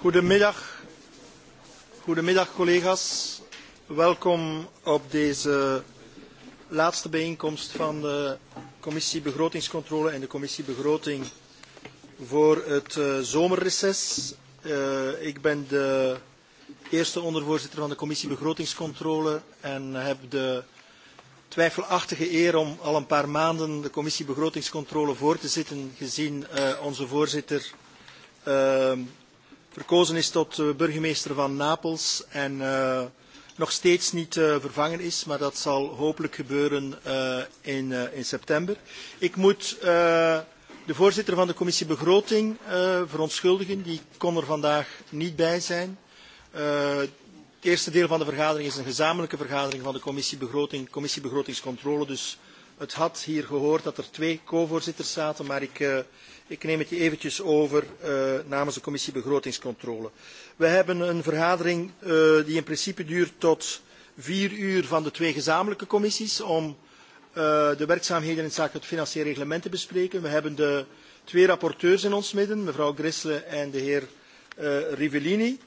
Goedemiddag, goedemiddag collega's. Welkom op deze laatste bijeenkomst van de Commissie Begrotingscontrole en de Commissie Begroting voor het eh, zomerreces. Eh, ik ben de eerste ondervoorzitter van de Commissie Begrotingscontrole en heb de twijfelachtige eer om al een paar maanden de Commissie Begrotingscontrole voor te zitten, gezien eh, onze voorzitter Ehm, verkozen is tot eh, burgemeester van Napels en eh, nog steeds niet eh, vervangen is, maar dat zal hopelijk gebeuren in, in september. Ik moet de voorzitter van de commissie Begroting verontschuldigen, die kon er vandaag niet bij zijn. Het eerste deel van de vergadering is een gezamenlijke vergadering van de commissie Begroting, commissie Begrotingscontrole. Dus het had hier gehoord dat er twee co-voorzitters zaten, maar ik, Ik neem het eventjes over uh, namens de commissie begrotingscontrole. We hebben een vergadering uh, die in principe duurt tot vier uur van de twee gezamenlijke commissies om uh, de werkzaamheden in zaken het financieel reglement te bespreken. We hebben de twee rapporteurs in ons midden, mevrouw Grissle en de heer Rivellini.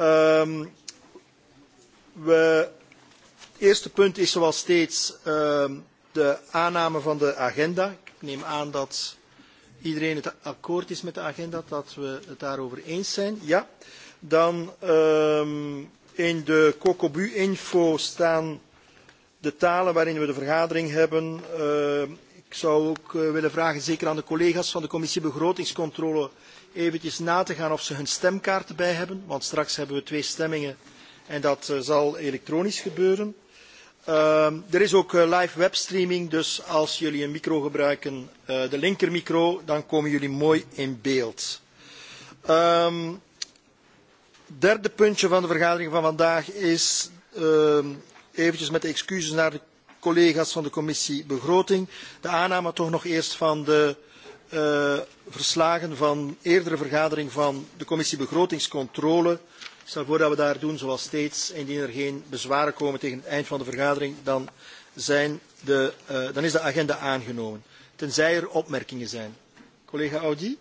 Um, we, het eerste punt is zoals steeds ehm, de aanname van de agenda. Ik neem aan dat iedereen het akkoord is met de agenda, dat we het daarover eens zijn. Ja, dan um, in de Cocobu-info staan de talen waarin we de vergadering hebben. Uh, ik zou ook eh, willen vragen, zeker aan de collega's van de commissie begrotingscontrole, eventjes na te gaan of ze hun stemkaarten bij hebben. Want straks hebben we twee stemmingen en dat eh, zal elektronisch gebeuren. Ehm, er is ook eh, live webstreaming, dus als jullie een micro gebruiken, eh, de linkermicro, dan komen jullie mooi in beeld. Um, derde puntje van de vergadering van vandaag is ehm, eventjes met de excuses naar de collega's van de commissie begroting de aanname toch nog eerst van de uh, verslagen van eerdere vergadering van de commissie begrotingscontrole stel voor dat we daar doen zoals steeds. Indien er geen bezwaren komen tegen het eind van de vergadering, dan, zijn de, uh, dan is de agenda aangenomen. Tenzij er opmerkingen zijn. Collega Audi.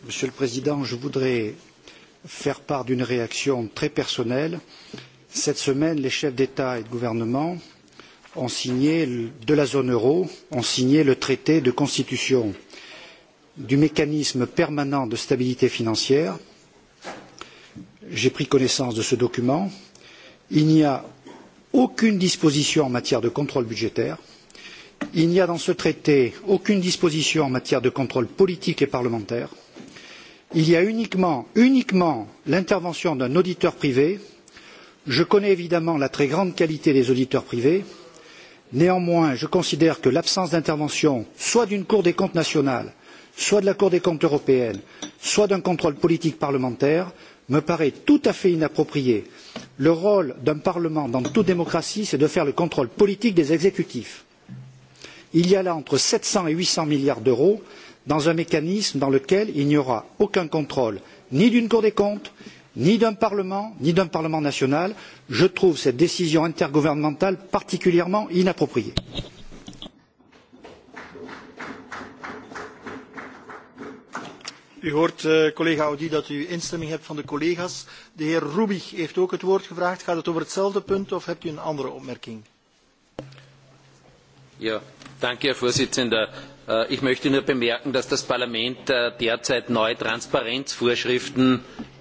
Monsieur le Président, je voudrais faire part d'une réaction très personnelle. Cette semaine, les chefs d'État et de gouvernement ont signé, de la zone euro ont signé le traité de constitution du mécanisme permanent de stabilité financière. J'ai pris connaissance de ce document. Il n'y a aucune disposition en matière de contrôle budgétaire. Il n'y a dans ce traité aucune disposition en matière de contrôle politique et parlementaire. Il y a uniquement, uniquement l'intervention d'un auditeur privé. Je connais évidemment la très grande qualité des auditeurs privés. Néanmoins, je considère que l'absence d'intervention, soit d'une Cour des comptes nationale, soit de la Cour des comptes européenne, soit d'un contrôle politique parlementaire, me paraît tout à fait inapproprié. Le rôle d'un Parlement dans toute démocratie, c'est de faire le contrôle politique des exécutifs. Il y a là entre sept cents et huit cents milliards d'euros dans un mécanisme dans lequel il n'y aura aucun contrôle ni d'une Cour des comptes, ni d'un Parlement, ni d'un Parlement national. Je trouve cette décision intergouvernementale particulièrement inappropriée. U hoort, eh, collega Audi, dat u instemming hebt van de collega's. De heer Rubig heeft ook het woord gevraagd. Gaat het over hetzelfde punt of hebt u een andere opmerking? Ja, danke, Herr Vorsitzender. Ich eh, möchte nur bemerken, dass das Parlament eh, derzeit neue Transparenzvorschriften,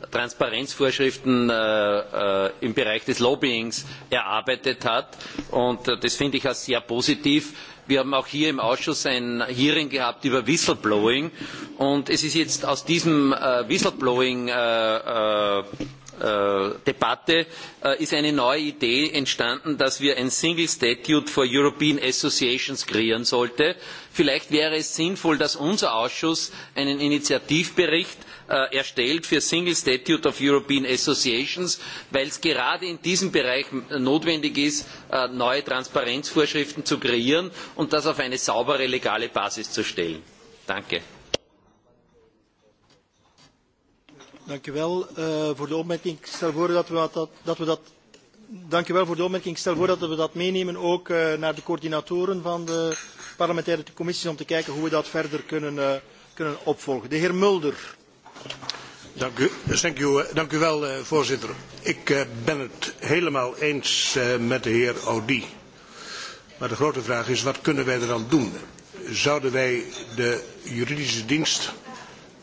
Transparenzvorschriften äh, im Bereich des Lobbyings erarbeitet hat. Und das finde ich als sehr positiv Wir haben auch hier im Ausschuss ein Hearing gehabt über Whistleblowing. Und es ist jetzt aus diesem äh, Whistleblowing äh, äh Äh, Debatte äh, ist eine neue Idee entstanden, dass wir ein Single Statute for European Associations kreieren sollten. Vielleicht wäre es sinnvoll, dass unser Ausschuss einen Initiativbericht äh, erstellt für Single Statute of European Associations, weil es gerade in diesem Bereich notwendig ist, neue Transparenzvorschriften zu kreieren und das auf eine saubere legale Basis zu stellen. Danke. Dank u wel uh, voor de opmerking. Ik stel voor dat we dat, dat, we dat Dank u wel voor de opmerking. Ik stel voor dat we dat meenemen ook uh, naar de coördinatoren van de parlementaire commissies om te kijken hoe we dat verder kunnen, uh, kunnen opvolgen. De heer Mulder. Dank u, dank u wel, uh, voorzitter. Ik uh, ben het helemaal eens uh, met de heer Audi. Maar de grote vraag is, wat kunnen wij er dan doen? Zouden wij de juridische dienst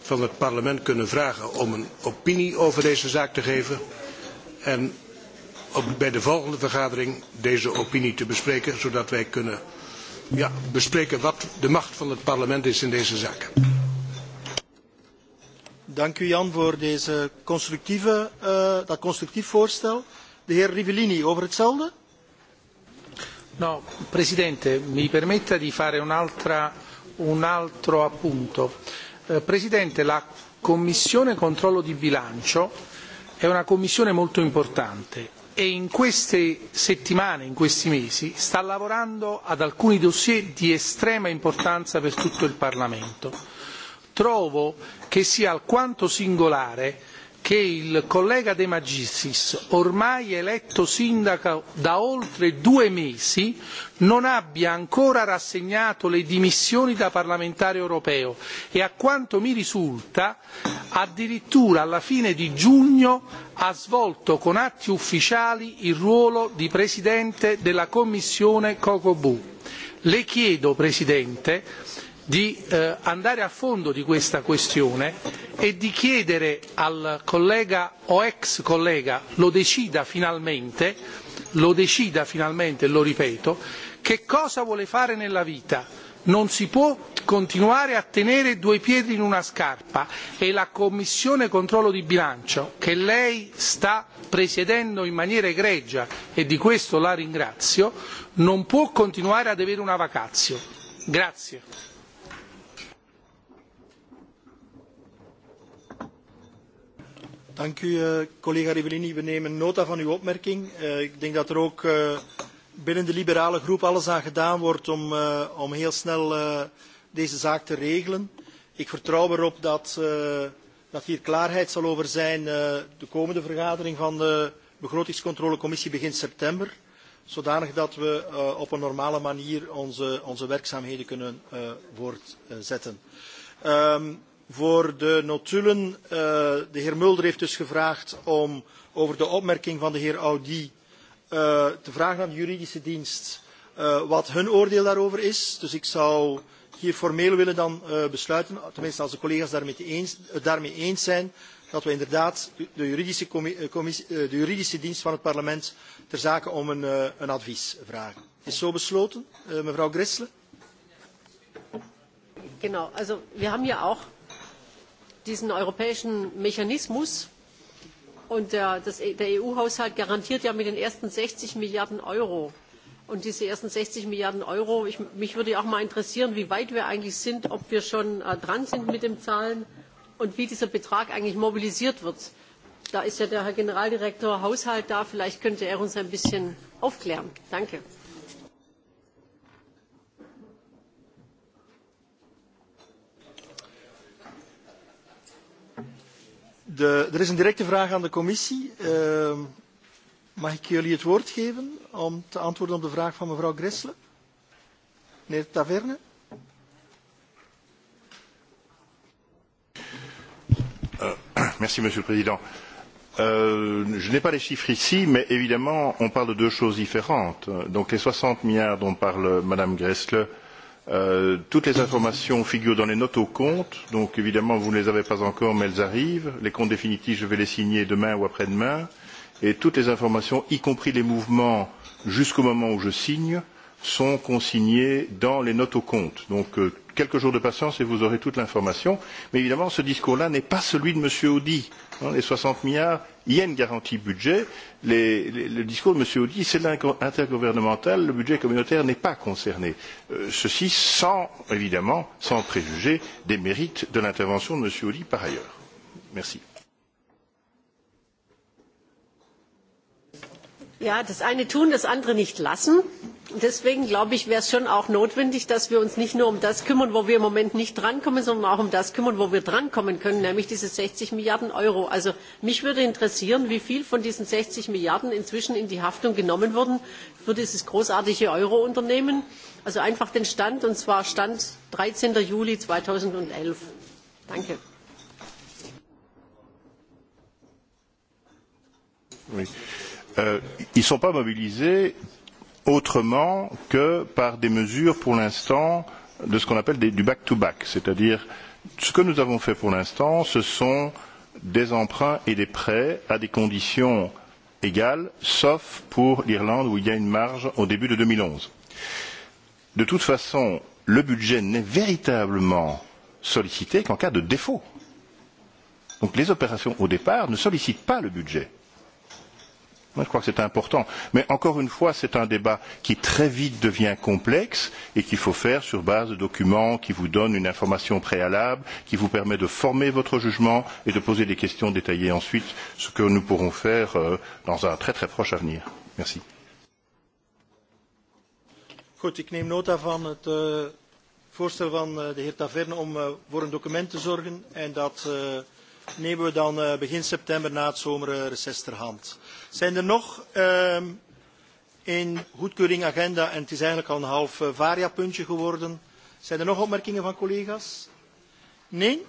van het parlement kunnen vragen om een opinie over deze zaak te geven en bij de volgende vergadering deze opinie te bespreken, zodat wij kunnen ja, bespreken wat de macht van het parlement is in deze zaak. Dank u Jan voor deze constructieve, uh, dat constructief voorstel. De heer Rivellini, over hetzelfde? No, Presidente, mi permetta di fare un, altra, un altro appunto Eh, Presidente, la Commissione Controllo di Bilancio è una commissione molto importante e in queste settimane, in questi mesi, sta lavorando ad alcuni dossier di estrema importanza per tutto il Parlamento. Trovo che sia alquanto singolare che il collega De Magistris, ormai eletto sindaco da oltre due mesi, non abbia ancora rassegnato le dimissioni da parlamentare europeo e, a quanto mi risulta, addirittura alla fine di giugno ha svolto con atti ufficiali il ruolo di Presidente della Commissione Cocobu. Le chiedo, Presidente, di eh, andare a fondo di questa questione e di chiedere al collega o ex collega lo decida finalmente lo decida finalmente lo ripeto che cosa vuole fare nella vita non si può continuare a tenere due piedi in una scarpa e la commissione controllo di bilancio che lei sta presiedendo in maniera egregia e di questo la ringrazio non può continuare ad avere una vacazio. Grazie. Dank u, eh, collega Rivellini. We nemen nota van uw opmerking. Eh, ik denk dat er ook eh, binnen de liberale groep alles aan gedaan wordt om, om heel snel deze zaak te regelen. Ik vertrouw erop dat, dat hier klaarheid zal over zijn de komende vergadering van de begrotingscontrolecommissie begin september zodanig dat we op een normale manier onze, onze werkzaamheden kunnen voortzetten. Ehm, voor de notulen. Eh, de heer Mulder heeft dus gevraagd om over de opmerking van de heer Audi eh, te vragen aan de juridische dienst eh, wat hun oordeel daarover is. Dus ik zou hier formeel willen dan besluiten, tenminste als de collega's daarmee eens, daarmee eens zijn, dat we inderdaad de juridische, commissie, de juridische dienst van het parlement ter zake om een, een advies vragen. Is zo besloten, mevrouw Grissle? Genau, also wir haben ja auch diesen europäischen mechanismus und der, eu e haushalt garantiert ja mit den ersten sechzig milliarden euro und diese ersten sechzig milliarden euro mich würde auch mal interessieren wie weit wir eigentlich sind ob wir schon äh, dran sind mit den zahlen und wie dieser betrag eigentlich mobilisiert wird. da ist ja der herr generaldirektor haushalt da vielleicht könnte er uns ein bisschen aufklären. danke. De, er is een directe vraag aan de commissie. Uh, mag ik jullie het woord geven om te antwoorden op de vraag van mevrouw Gressle? Meneer Taverne? Eh, merci, monsieur le président. Euh, je n'ai pas les chiffres ici, mais évidemment, on parle de deux choses différentes. Donc les 60 milliards dont parle madame Gressle Euh, toutes les informations figurent dans les notes aux comptes, donc évidemment vous ne les avez pas encore, mais elles arrivent. Les comptes définitifs, je vais les signer demain ou après-demain. Et toutes les informations, y compris les mouvements jusqu'au moment où je signe, sont consignées dans les notes aux comptes. Donc euh, quelques jours de patience et vous aurez toute l'information. Mais évidemment, ce discours-là n'est pas celui de M. Audy hein, les 60 milliards, il y a une garantie budget. Les, les, le discours de M. Audy, c'est intergouvernemental, le budget communautaire n'est pas concerné. Euh, ceci sans, évidemment, sans préjuger des mérites de l'intervention de M. Audy par ailleurs. Merci. Ja, das eine tun, das andere nicht lassen. Deswegen glaube ich, wäre es schon auch notwendig, dass wir uns nicht nur um das kümmern, wo wir im Moment nicht drankommen, sondern auch um das kümmern, wo wir drankommen können, nämlich diese 60 Milliarden Euro. Also mich würde interessieren, wie viel von diesen 60 Milliarden inzwischen in die Haftung genommen wurden für dieses großartige Euro-Unternehmen. Also einfach den Stand, und zwar Stand 13. Juli 2011. Danke. Oui. Euh, ils ne sont pas mobilisés autrement que par des mesures pour l'instant de ce qu'on appelle des, du back-to-back, c'est-à-dire ce que nous avons fait pour l'instant, ce sont des emprunts et des prêts à des conditions égales, sauf pour l'Irlande où il y a une marge au début de deux mille onze. De toute façon, le budget n'est véritablement sollicité qu'en cas de défaut. Donc les opérations au départ ne sollicitent pas le budget. Moi, je crois que c'est important. Mais encore une fois, c'est un débat qui très vite devient complexe et qu'il faut faire sur base de documents qui vous donnent une information préalable, qui vous permet de former votre jugement et de poser des questions détaillées ensuite, ce que nous pourrons faire euh, dans un très très proche avenir. Merci. Goed, ik neem nota van het uh, voorstel van uh, de heer Taverne om uh, voor een document te zorgen en dat uh, nemen we dan uh, begin september na het zomerreces ter hand. Zijn er nog um, in goedkeuring agenda, en het is eigenlijk al een half uh, geworden, zijn er nog opmerkingen van collega's? Nee?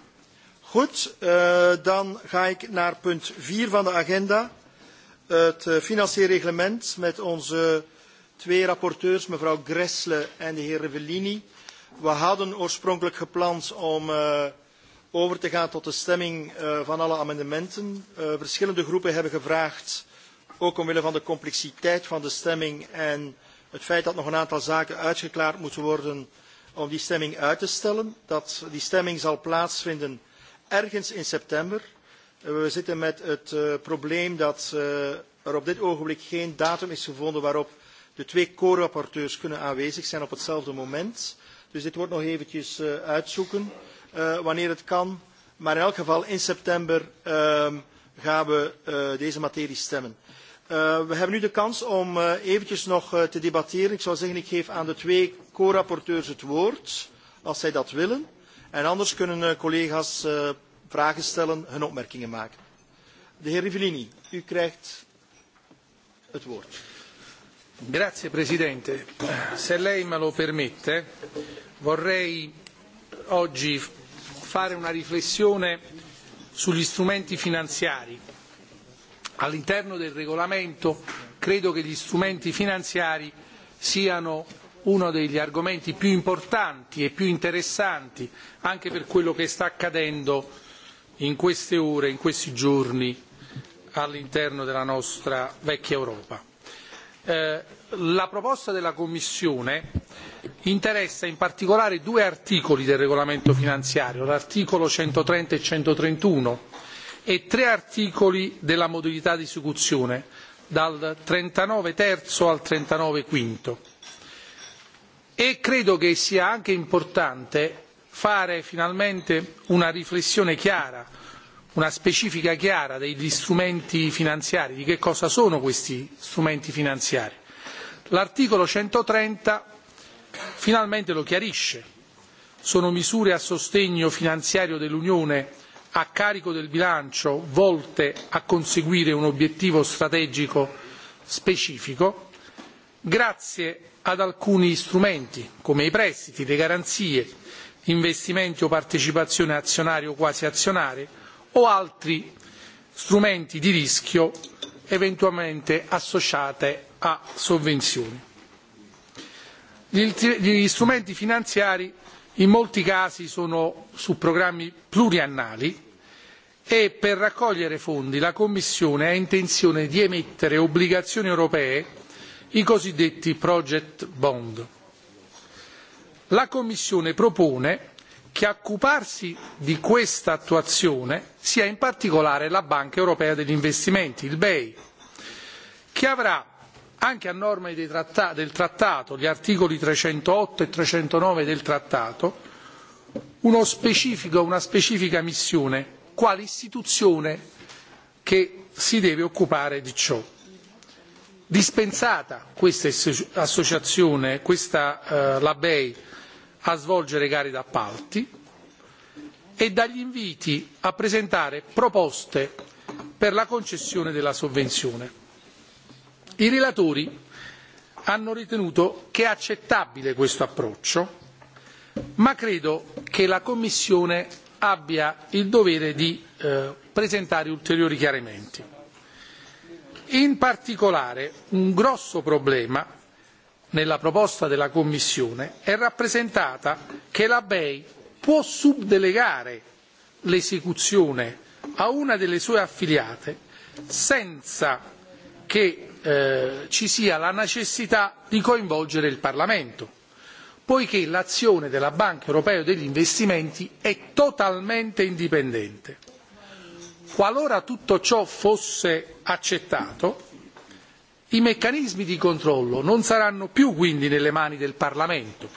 Goed, uh, dan ga ik naar punt 4 van de agenda. Het uh, financieel reglement met onze twee rapporteurs, mevrouw Gressle en de heer Revellini. We hadden oorspronkelijk gepland om uh, over te gaan tot de stemming uh, van alle amendementen. Uh, verschillende groepen hebben gevraagd ook omwille van de complexiteit van de stemming en het feit dat nog een aantal zaken uitgeklaard moeten worden om die stemming uit te stellen. Dat, die stemming zal plaatsvinden ergens in september. Eh, we zitten met het uh, probleem dat uh, er op dit ogenblik geen datum is gevonden waarop de twee co-rapporteurs kunnen aanwezig zijn op hetzelfde moment. Dus dit wordt nog eventjes uh, uitzoeken wanneer het kan. Maar in elk geval in september ehm, gaan we deze materie stemmen. Eh, we hebben nu de kans om eh, eventjes nog eh, te debatteren. Ik zou zeggen, ik geef aan de twee co-rapporteurs het woord, als zij dat willen. En anders kunnen collega's vragen stellen, hun opmerkingen maken. De heer Rivellini, u krijgt het woord. Grazie Presidente. Se lei me lo permette, vorrei oggi fare una riflessione sugli strumenti finanziari all'interno del regolamento credo che gli strumenti finanziari siano uno degli argomenti più importanti e più interessanti anche per quello che sta accadendo in queste ore in questi giorni all'interno della nostra vecchia Europa. Eh, la proposta della Commissione interessa in particolare due articoli del regolamento finanziario l'articolo centotrenta e centotrentuno e tre articoli della modalità di esecuzione dal trentanove terzo al trentanove quinto e credo che sia anche importante fare finalmente una riflessione chiara una specifica chiara degli strumenti finanziari di che cosa sono questi strumenti finanziari. l'articolo centotrenta finalmente lo chiarisce sono misure a sostegno finanziario dell'unione a carico del bilancio volte a conseguire un obiettivo strategico specifico grazie ad alcuni strumenti come i prestiti le garanzie investimenti o partecipazioni azionarie o quasi azionarie o altri strumenti di rischio eventualmente associate a sovvenzioni. gli strumenti finanziari in molti casi sono su programmi pluriennali e per raccogliere fondi la commissione ha intenzione di emettere obbligazioni europee i cosiddetti project bond. la commissione propone che a occuparsi di questa attuazione sia in particolare la banca europea degli investimenti il bei che avrà anche a norma del trattato gli articoli trecentotto e trecentonove del trattato uno specifico, una specifica missione quale istituzione che si deve occupare di ciò. dispensata questa associazione questa eh, la bei a svolgere gare d'appalti e dagli inviti a presentare proposte per la concessione della sovvenzione i relatori hanno ritenuto che è accettabile questo approccio ma credo che la commissione abbia il dovere di eh, presentare ulteriori chiarimenti. in particolare un grosso problema nella proposta della commissione è rappresentata che la bei può subdelegare l'esecuzione a una delle sue affiliate senza che Eh, ci sia la necessità di coinvolgere il Parlamento, poiché l'azione della Banca europea degli investimenti è totalmente indipendente. Qualora tutto ciò fosse accettato, i meccanismi di controllo non saranno più quindi nelle mani del Parlamento,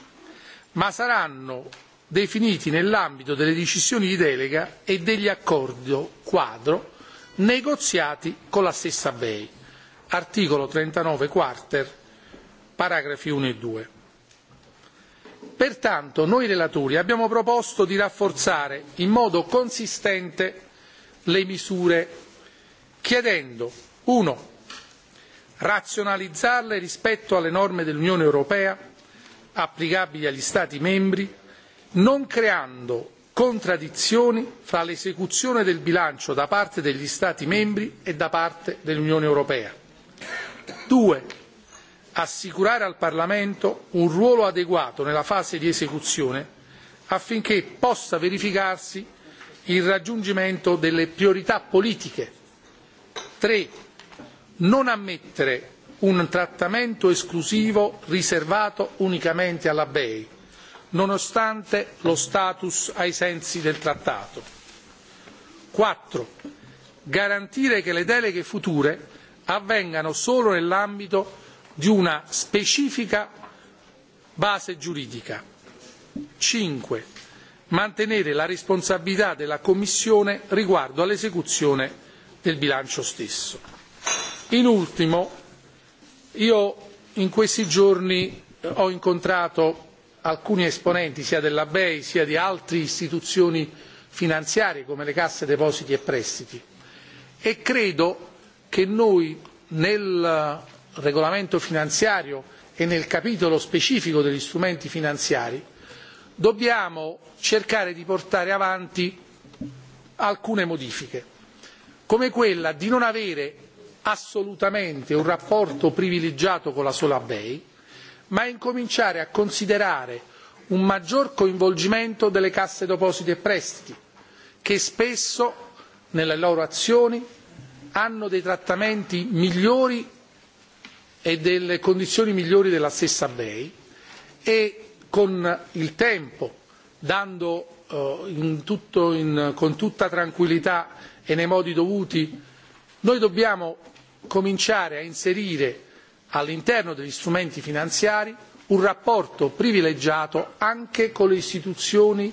ma saranno definiti nell'ambito delle decisioni di delega e degli accordi quadro negoziati con la stessa bei articolo trentanove quater, paragrafi uno e. due pertanto noi relatori abbiamo proposto di rafforzare in modo consistente le misure chiedendo uno razionalizzarle rispetto alle norme dell'unione europea applicabili agli stati membri non creando contraddizioni fra l'esecuzione del bilancio da parte degli stati membri e da parte dell'unione europea; due assicurare al parlamento un ruolo adeguato nella fase di esecuzione affinché possa verificarsi il raggiungimento delle priorità politiche tre non ammettere un trattamento esclusivo riservato unicamente alla bei nonostante lo status ai sensi del trattato quattro garantire che le deleghe future avvengano solo nell'ambito di una specifica base giuridica. cinque mantenere la responsabilità della commissione riguardo all'esecuzione del bilancio stesso. in ultimo io in questi giorni eh, ho incontrato alcuni esponenti sia della bei sia di altre istituzioni finanziarie come le casse depositi e prestiti e credo che noi nel regolamento finanziario e nel capitolo specifico degli strumenti finanziari dobbiamo cercare di portare avanti alcune modifiche come quella di non avere assolutamente un rapporto privilegiato con la sola bei ma incominciare a considerare un maggior coinvolgimento delle casse depositi e prestiti che spesso nelle loro azioni hanno dei trattamenti migliori e delle condizioni migliori della stessa bei e con il tempo dando eh, in tutto, in, con tutta tranquillità e nei modi dovuti noi dobbiamo cominciare a inserire all'interno degli strumenti finanziari un rapporto privilegiato anche con le istituzioni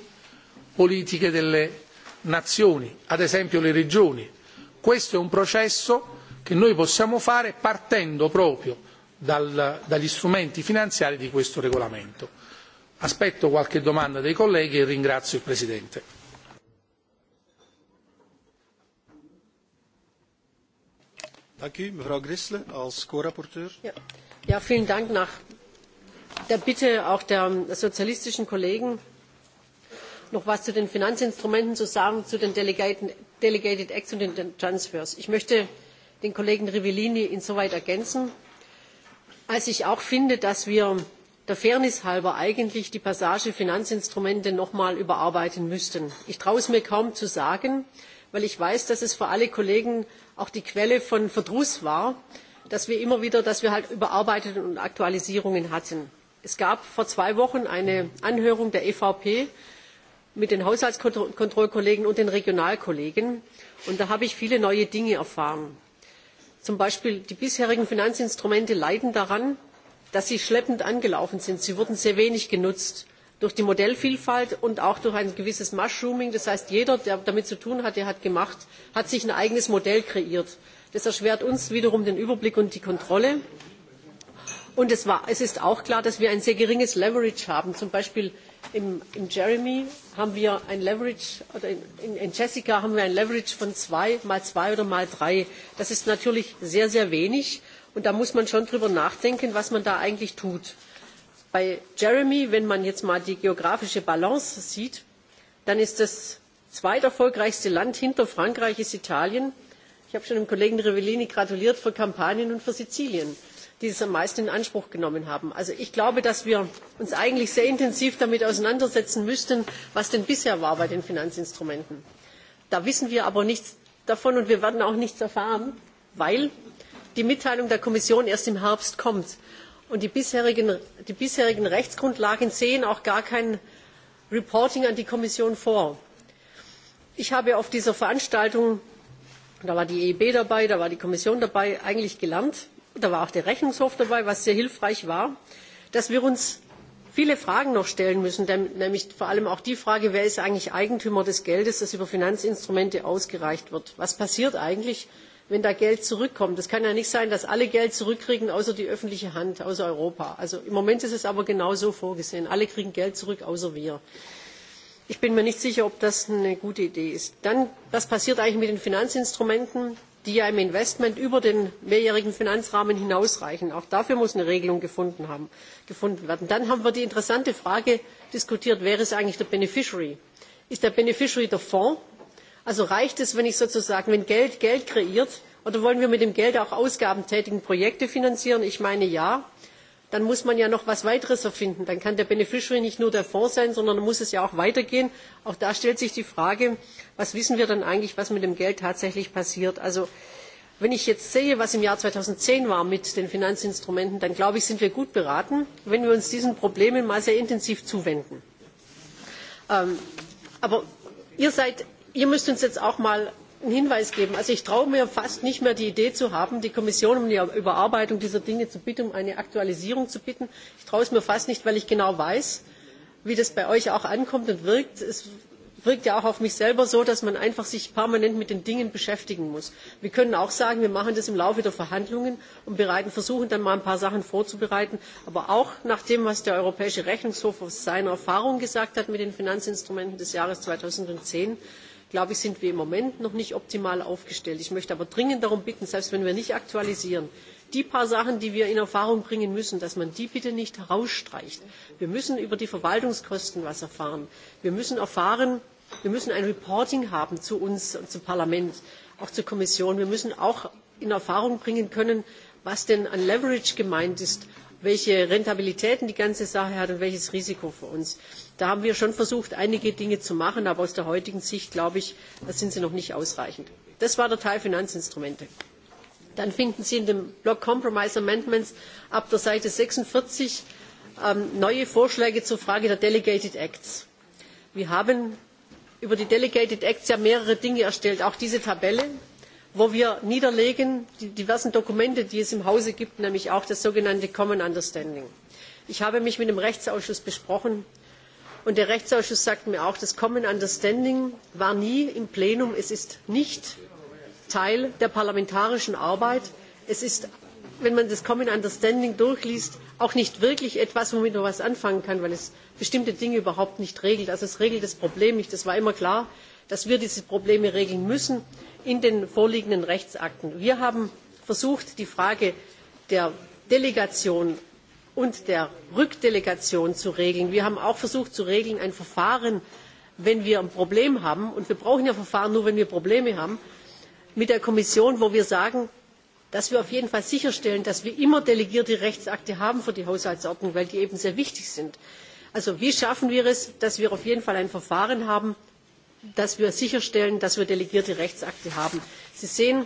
politiche delle nazioni ad esempio le regioni questo è un processo che noi possiamo fare partendo proprio dagli strumenti finanziari di questo regolamento. Aspetto qualche domanda dei colleghi e ringrazio il Presidente. Dank u, mevrouw Grisle, als co-rapporteur. Ja. ja, vielen Dank nach der Bitte auch der sozialistischen Kollegen noch etwas zu den finanzinstrumenten zu sagen zu den delegated acts und den transfers. ich möchte den kollegen rivellini insoweit ergänzen als ich auch finde dass wir der fairness halber eigentlich die passage finanzinstrumente noch einmal überarbeiten müssten. ich traue es mir kaum zu sagen weil ich weiß dass es für alle kollegen auch die quelle von verdruss war dass wir immer wieder halt überarbeitungen und aktualisierungen hatten. es gab vor zwei wochen eine anhörung der evp mit den haushaltskontrollkollegen und den regionalkollegen und da habe ich viele neue dinge erfahren. zum beispiel die bisherigen finanzinstrumente leiden daran dass sie schleppend angelaufen sind. sie wurden sehr wenig genutzt durch die modellvielfalt und auch durch ein gewisses mushrooming das heißt jeder der damit zu tun hatte hat gemacht hat sich ein eigenes modell kreiert. das erschwert uns wiederum den überblick und die kontrolle. und es, ist auch klar dass wir ein sehr geringes leverage haben z. B im, im haben wir ein Leverage, oder in, in, Jessica haben wir ein Leverage von zwei mal zwei oder mal drei. Das ist natürlich sehr, sehr wenig. Und da muss man schon drüber nachdenken, was man da eigentlich tut. Bei Jeremy, wenn man jetzt mal die geografische Balance sieht, dann ist das zweiterfolgreichste Land hinter Frankreich ist Italien. Ich habe schon dem Kollegen Rivellini gratuliert für Kampanien und für Sizilien die es am meisten in anspruch genommen haben. Also ich glaube dass wir uns eigentlich sehr intensiv damit auseinandersetzen müssten was denn bisher war bei den finanzinstrumenten. da wissen wir aber nichts davon und wir werden auch nichts erfahren weil die mitteilung der kommission erst im herbst kommt und die bisherigen rechtsgrundlagen sehen auch gar kein reporting an die kommission vor. ich habe auf dieser veranstaltung da war die eib e dabei da war die kommission dabei eigentlich gelernt da war auch der Rechnungshof dabei, was sehr hilfreich war, dass wir uns viele Fragen noch stellen müssen, nämlich vor allem auch die Frage, wer ist eigentlich Eigentümer des Geldes, das über Finanzinstrumente ausgereicht wird? Was passiert eigentlich, wenn da Geld zurückkommt? Es kann ja nicht sein, dass alle Geld zurückkriegen, außer die öffentliche Hand, außer Europa. Also im Moment ist es aber genau so vorgesehen. Alle kriegen Geld zurück, außer wir. Ich bin mir nicht sicher, ob das eine gute Idee ist. Dann, was passiert eigentlich mit den Finanzinstrumenten? die ja im investment über den mehrjährigen finanzrahmen hinausreichen. auch dafür muss eine regelung gefunden, werden. dann haben wir die interessante frage diskutiert wer ist eigentlich der beneficiary? ist der beneficiary der fonds? also reicht es wenn ich sozusagen geld geld kreiert oder wollen wir mit dem geld auch ausgaben tätigen projekte finanzieren? ich meine ja dann muss man ja noch etwas weiteres erfinden. Dann kann der Beneficiary nicht nur der Fonds sein, sondern muss es ja auch weitergehen. Auch da stellt sich die Frage, was wissen wir denn eigentlich, was mit dem Geld tatsächlich passiert? Also, wenn ich jetzt sehe, was im Jahr zweitausendzehn war mit den Finanzinstrumenten, dann glaube ich, sind wir gut beraten, wenn wir uns diesen Problemen mal sehr intensiv zuwenden. Ähm, aber ihr, ihr müsst uns jetzt auch mal einen hinweis geben also ich traue mir fast nicht mehr die idee zu haben die kommission um eine überarbeitung dieser dinge zu bitten um eine aktualisierung zu bitten. ich traue es mir fast nicht weil ich genau weiß wie das bei euch auch ankommt und wirkt. es wirkt ja auch auf mich selber so dass man sich einfach permanent mit den dingen beschäftigen muss. wir können auch sagen wir machen das im laufe der verhandlungen und versuchen dann mal ein paar sachen vorzubereiten. aber auch nach dem was der europäische rechnungshof aus seiner erfahrung gesagt hat mit den finanzinstrumenten des jahres zweitausendzehn glaube ich sind wir im moment noch nicht optimal aufgestellt. ich möchte aber dringend darum bitten selbst wenn wir nicht aktualisieren die paar sachen die wir in erfahrung bringen müssen dass man die bitte nicht herausstreicht. wir müssen über die verwaltungskosten etwas erfahren. wir müssen erfahren wir müssen ein reporting haben zu uns zum parlament auch zur kommission. wir müssen auch in erfahrung bringen können was denn an leverage gemeint ist welche Rentabilitäten die ganze Sache hat und welches Risiko für uns. Da haben wir schon versucht, einige Dinge zu machen, aber aus der heutigen Sicht, glaube ich, sind sie noch nicht ausreichend. Das war der Teil Finanzinstrumente. Dann finden Sie in dem Block Compromise Amendments ab der Seite sechsundvierzig ähm, neue Vorschläge zur Frage der Delegated Acts. Wir haben über die Delegated Acts ja mehrere Dinge erstellt, auch diese Tabelle wo wir niederlegen die diversen dokumente die es im hause gibt nämlich auch das sogenannte common understanding. ich habe mich mit dem rechtsausschuss besprochen und der rechtsausschuss sagt mir auch das common understanding war nie im plenum es ist nicht teil der parlamentarischen arbeit es ist wenn man das common understanding durchliest auch nicht wirklich etwas womit man etwas anfangen kann weil es bestimmte dinge überhaupt nicht regelt. also es regelt das problem nicht das war immer klar dass wir diese probleme regeln müssen in den vorliegenden rechtsakten. wir haben versucht die frage der delegation und der rückdelegation zu regeln. wir haben auch versucht zu regeln ein verfahren wenn wir ein problem haben und wir brauchen ja verfahren nur wenn wir probleme haben mit der kommission wo wir sagen dass wir auf jeden fall sicherstellen dass wir immer delegierte rechtsakte für die haushaltsordnung haben, weil die eben sehr wichtig sind. also wie schaffen wir es dass wir auf jeden fall ein verfahren haben dass wir sicherstellen, dass wir delegierte Rechtsakte haben. Sie sehen, ähm,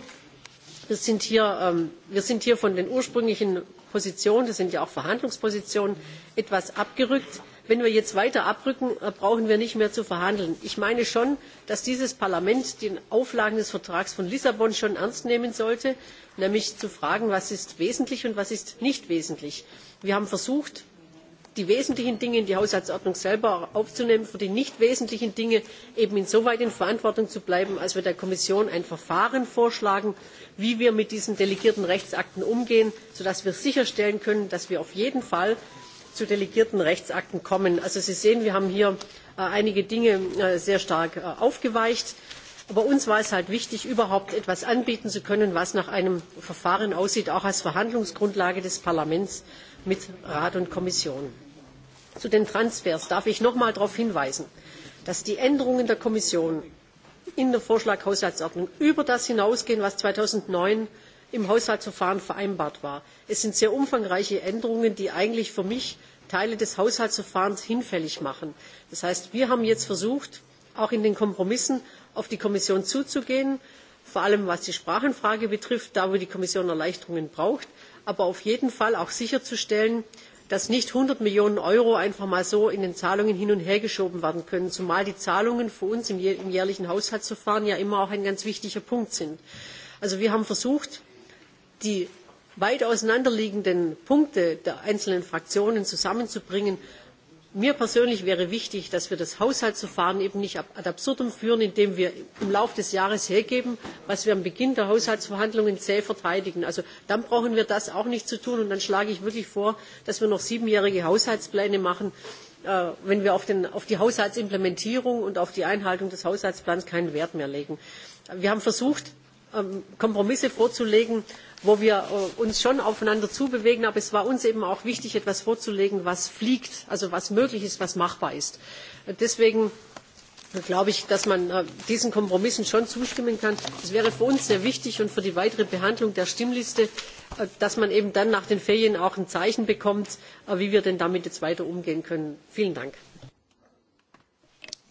wir sind hier, von den ursprünglichen Positionen, das sind ja auch Verhandlungspositionen, etwas abgerückt. Wenn wir jetzt weiter abrücken, äh, brauchen wir nicht mehr zu verhandeln. Ich meine schon, dass dieses Parlament die Auflagen des Vertrags von Lissabon schon ernst nehmen sollte, nämlich zu fragen, was ist wesentlich und was ist nicht wesentlich. Wir haben versucht, die wesentlichen dinge in die haushaltsordnung selber aufzunehmen für die nicht wesentlichen dinge eben insoweit in verantwortung zu bleiben als wir der kommission ein verfahren vorschlagen wie wir mit diesen delegierten rechtsakten umgehen sodass wir sicherstellen können dass wir auf jeden fall zu delegierten rechtsakten kommen. also sie sehen wir haben hier äh, einige dinge äh, sehr stark äh, aufgeweicht. aber uns war es halt wichtig überhaupt etwas anbieten zu können was nach einem verfahren aussieht auch als verhandlungsgrundlage des parlaments mit rat und kommission. Zu den Transfers darf ich noch einmal darauf hinweisen, dass die Änderungen der Kommission in der Vorschlag Haushaltsordnung über das hinausgehen, was 2009 im Haushaltsverfahren vereinbart war. Es sind sehr umfangreiche Änderungen, die eigentlich für mich Teile des Haushaltsverfahrens hinfällig machen. Das heißt, wir haben jetzt versucht, auch in den Kompromissen auf die Kommission zuzugehen, vor allem was die Sprachenfrage betrifft, da wo die Kommission Erleichterungen braucht, aber auf jeden Fall auch sicherzustellen, dass nicht einhundert millionen euro einfach mal so in den zahlungen hin und her geschoben werden können zumal die zahlungen für uns im jährlichen haushaltsverfahren ja immer auch ein ganz wichtiger punkt sind. also wir haben versucht die weit auseinanderliegenden punkte der einzelnen fraktionen zusammenzubringen mir persönlich wäre wichtig dass wir das haushaltsverfahren eben nicht ad absurdum führen indem wir im laufe des jahres hergeben was wir am beginn der haushaltsverhandlungen zäh verteidigen. also dann brauchen wir das auch nicht zu tun und dann schlage ich wirklich vor dass wir noch siebenjährige haushaltspläne machen äh, wenn wir auf, auf die haushaltsimplementierung und auf die einhaltung des haushaltsplans keinen wert mehr legen. wir haben versucht ähm, kompromisse vorzulegen wo wir äh, uns schon aufeinander zubewegen. Aber es war uns eben auch wichtig, etwas vorzulegen, was fliegt, also was möglich ist, was machbar ist. Äh, deswegen äh, glaube ich, dass man diesen Kompromissen schon zustimmen kann. Es wäre für uns sehr wichtig und für die weitere Behandlung der Stimmliste, dass man eben dann nach den Ferien auch ein Zeichen bekommt, wie wir denn damit jetzt weiter umgehen können. Vielen Dank.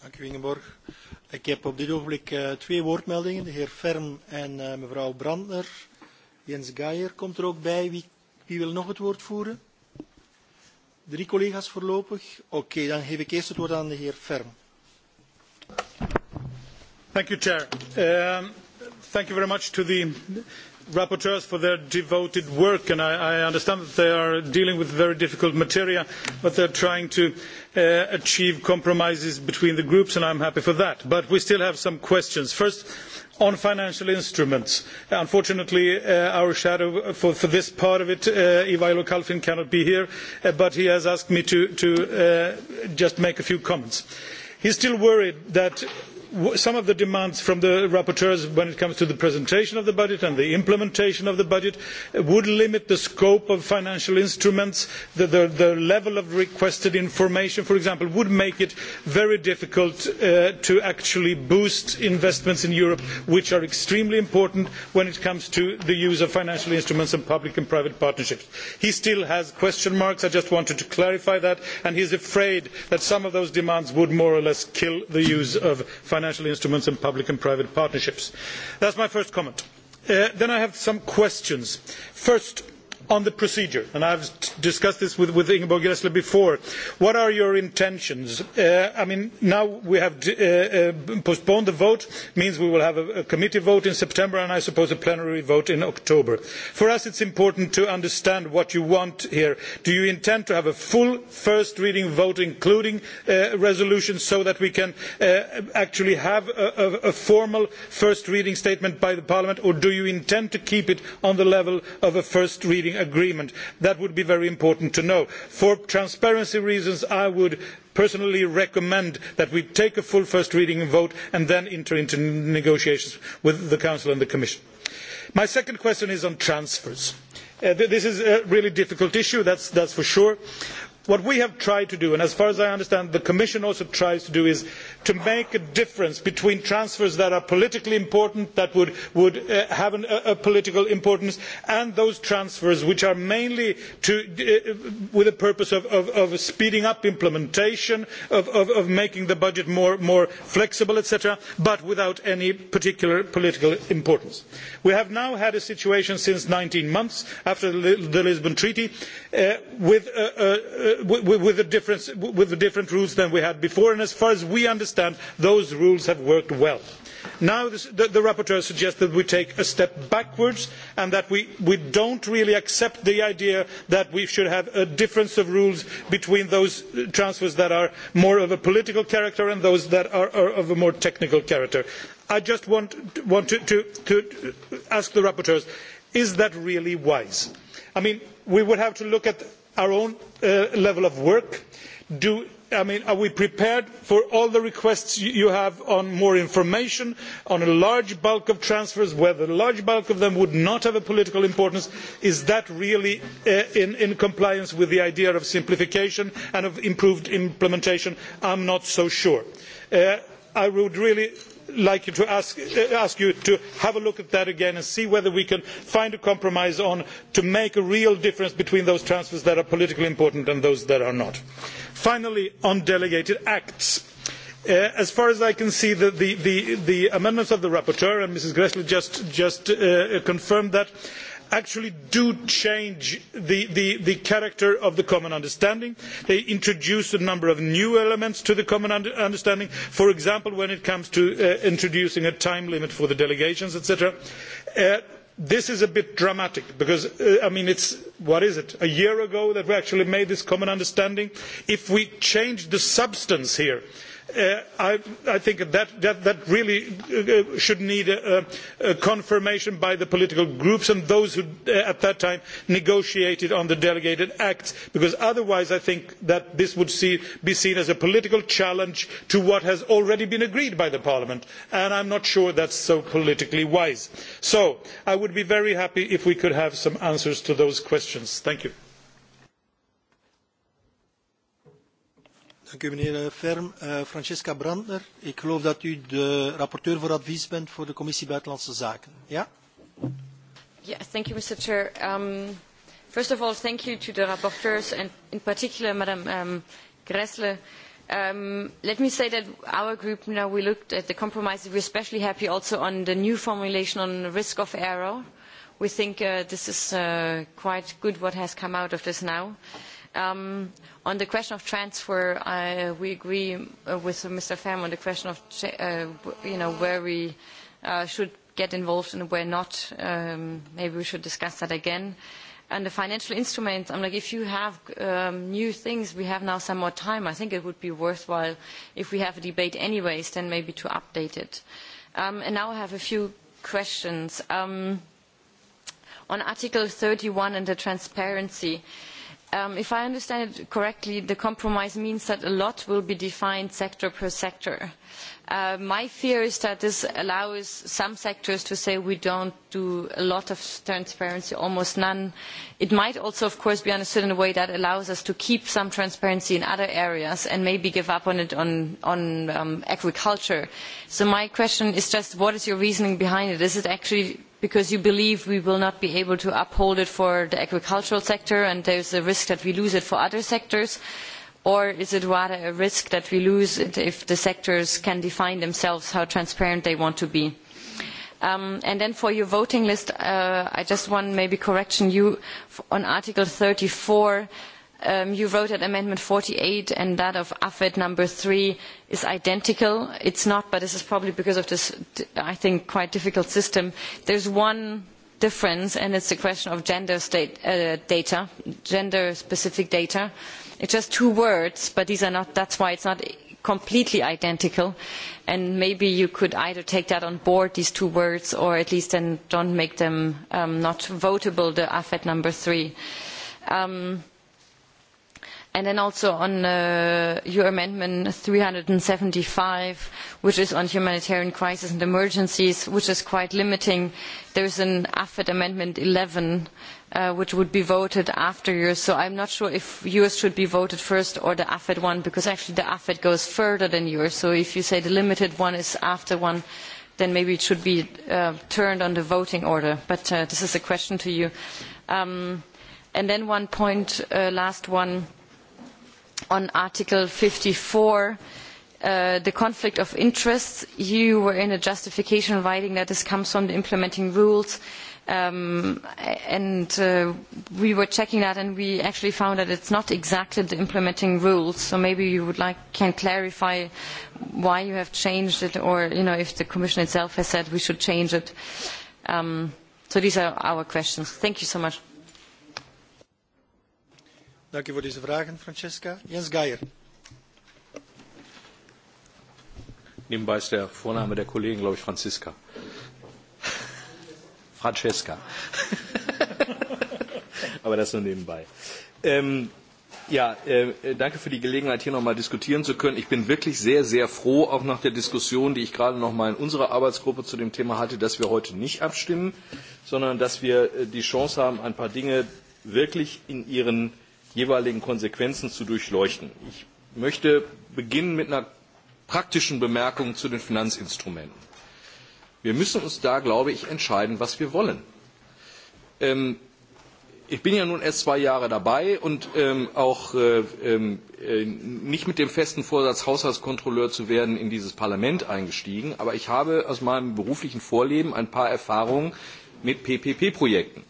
Dank u Ingeborg. Ik heb op dit ogenblik uh, twee woordmeldingen, de heer Ferm en uh, mevrouw Brandner. Jens Geijer komt er ook bij. Wie, wie wil nog het woord voeren? Drie collega's voorlopig? Oké, okay, dan geef ik eerst het woord aan de heer Ferm. Thank you, Chair. Um, thank you very much to the rapporteurs for their devoted work and I, I understand that they are dealing with very difficult material, but they are trying to uh, achieve compromises between the groups and I am happy for that but we still have some questions first on financial instruments unfortunately uh, our shadow uh, for, for this part of it uh, ivailo kalfin cannot be here uh, but he has asked me to, to uh, just make a few comments. he is still worried that some of the demands from the rapporteurs when it comes to the presentation of the budget and the implementation of the budget would limit the scope of financial instruments. The, the, the level of requested information, for example, would make it very difficult uh, to actually boost investments in Europe, which are extremely important when it comes to the use of financial instruments and public and private partnerships. He still has question marks. I just wanted to clarify that. And he is afraid that some of those demands would more or less kill the use of financial financial instruments and public and private partnerships. that is my first comment. Uh, then i have some questions. first on the procedure and i have discussed this with, with ingeborg grle before what are your intentions? Uh, I mean, now we have uh, uh, postponed the vote which means we will have a, a committee vote in september and i suppose a plenary vote in october. for us it is important to understand what you want here. do you intend to have a full first reading vote including uh, resolutions so that we can uh, actually have a, a, a formal first reading statement by parliament or do you intend to keep it on the level of a first reading agreement that would be very important to know. for transparency reasons i would personally recommend that we take a full first reading and vote and then enter into negotiations with the council and the commission. my second question is on transfers. Uh, this is a really difficult issue that is for sure. what we have tried to do and as far as i understand the commission also tries to do is to make a difference between transfers that are politically important that would, uh, have a, political importance and those transfers which are mainly uh, with the purpose of, speeding up implementation of, making the budget more, flexible etc but without any particular political importance. we have now had a situation since nineteen months after the lisbon treaty uh, with, different, with different rules than we had before and as far as we understand understand those rules have worked well. now the, rapporteur suggests that we take a step backwards and that we, do not really accept the idea that we should have a difference of rules between those transfers that are more of a political character and those that are, of a more technical character. i just want, to, ask the rapporteurs is that really wise? I mean, we would have to look at our own uh, level of work. Do, i mean, are we prepared for all the requests you have on more information on a large bulk of transfers whether a large bulk of them would not have a political importance is that really uh, in, compliance with the idea of simplification and of improved implementation? i am not so sure. Uh, i would really like to uh, ask, you to have a look at that again and see whether we can find a compromise on to make a real difference between those transfers that are politically important and those that are not. finally on delegated acts uh, as far as i can see the, the, the, the amendments of the rapporteur and mrs grle just, just uh, confirmed that actually do change the, the, the character of the common understanding. they introduce a number of new elements to the common understanding for example when it comes to uh, introducing a time limit for the delegations etc. Uh, this is a bit dramatic because uh, i mean it's what is it a year ago that we actually made this common understanding if we change the substance here uh, Uh, I, I, think that, that, that really uh, uh should need a, confirmation by the political groups and those who uh, at that time negotiated on the delegated acts, because otherwise I think that this would be seen as a political challenge to what has already been agreed by Parliament, and I am not sure that is so politically wise. So I would be very happy if we could have some answers to those questions. Thank you. Dank u meneer eh, Ferm. Uh, Francesca Brandner, ik geloof dat u de rapporteur voor advies bent voor de Commissie Buitenlandse Zaken. Ja? Yes, thank you, Mr. Chair. Um, first of all, thank you to the rapporteurs and in particular Madam um, Gressle. Um, let me say that our group now we looked at the compromise. We're especially happy also on the new formulation on the risk of error. We think uh, this is uh, quite good what has come out of this now. Uh, Um, on the question of transfer, I, we agree uh, with Mr. Pham on the question of uh, you know, where we uh, should get involved and where not. Um, maybe we should discuss that again. And the financial instruments, I'm like, if you have um, new things, we have now some more time. I think it would be worthwhile if we have a debate anyways, then maybe to update it. Um, and now I have a few questions. Um, on Article 31 and the transparency, uh, Um, if I understand it correctly, the compromise means that a lot will be defined sector per sector. Uh, my fear is that this allows some sectors to say we do not do a lot of transparency, almost none. It might also, of course, be understood in a way that allows us to keep some transparency in other areas and maybe give up on it on, on um, agriculture. So my question is just, what is your reasoning behind it? Is it actually because you believe we will not be able to uphold it for the agricultural sector and there is a risk that we lose it for other sectors? Or is it rather a risk that we lose it if the sectors can define themselves how transparent they want to be? Um, and then for your voting list, uh, I just want maybe correction you on Article thirty four Um, you wrote that amendment forty eight and that of AFET number three is identical. It is not, but this is probably because of this, I think, quite difficult system. There is one difference, and it is the question of gender state, uh, data, gender-specific data. It is just two words, but these are not, that's why it is not completely identical. And maybe you could either take that on board, these two words, or at least then don't make them um, not votable, the AFET number three. Um, and then also on uh, your amendment three hundred and seventy five which is on humanitarian crisis and emergencies which is quite limiting there is an afet amendment eleven uh, which would be voted after yours so i am not sure if yours should be voted first or the afet one because actually the afet goes further than yours so if you say the limited one is after one then maybe it should be uh, turned on the voting order but uh, this is a question to you um, and then one point uh, last one on Article four, uh, the conflict of interests, you were in a justification writing that this comes from the implementing rules. Um, and uh, we were checking that and we actually found that it's not exactly the implementing rules. So maybe you would like, can clarify why you have changed it or, you know, if the Commission itself has said we should change it. Um, so these are our questions. Thank you so much. Dank u voor deze vragen, Francesca. Jens Geier. Nebenbei ist der Vorname der Kollegen, glaube ich, Franziska. Francesca. Aber das nur nebenbei. Ähm, ja, äh, danke für die Gelegenheit, hier nochmal diskutieren zu können. Ich bin wirklich sehr, sehr froh, auch nach der Diskussion, die ich gerade nochmal in unserer Arbeitsgruppe zu dem Thema hatte, dass wir heute nicht abstimmen, sondern dass wir äh, die Chance haben, ein paar Dinge wirklich in ihren jeweiligen Konsequenzen zu durchleuchten. Ich möchte beginnen mit einer praktischen Bemerkung zu den Finanzinstrumenten. Wir müssen uns da, glaube ich, entscheiden, was wir wollen. Ähm, ich bin ja nun erst zwei Jahre dabei und ähm, auch äh, ähm, äh, nicht mit dem festen Vorsatz, Haushaltskontrolleur zu werden, in dieses Parlament eingestiegen. Aber ich habe aus meinem beruflichen Vorleben ein paar Erfahrungen mit PPP-Projekten.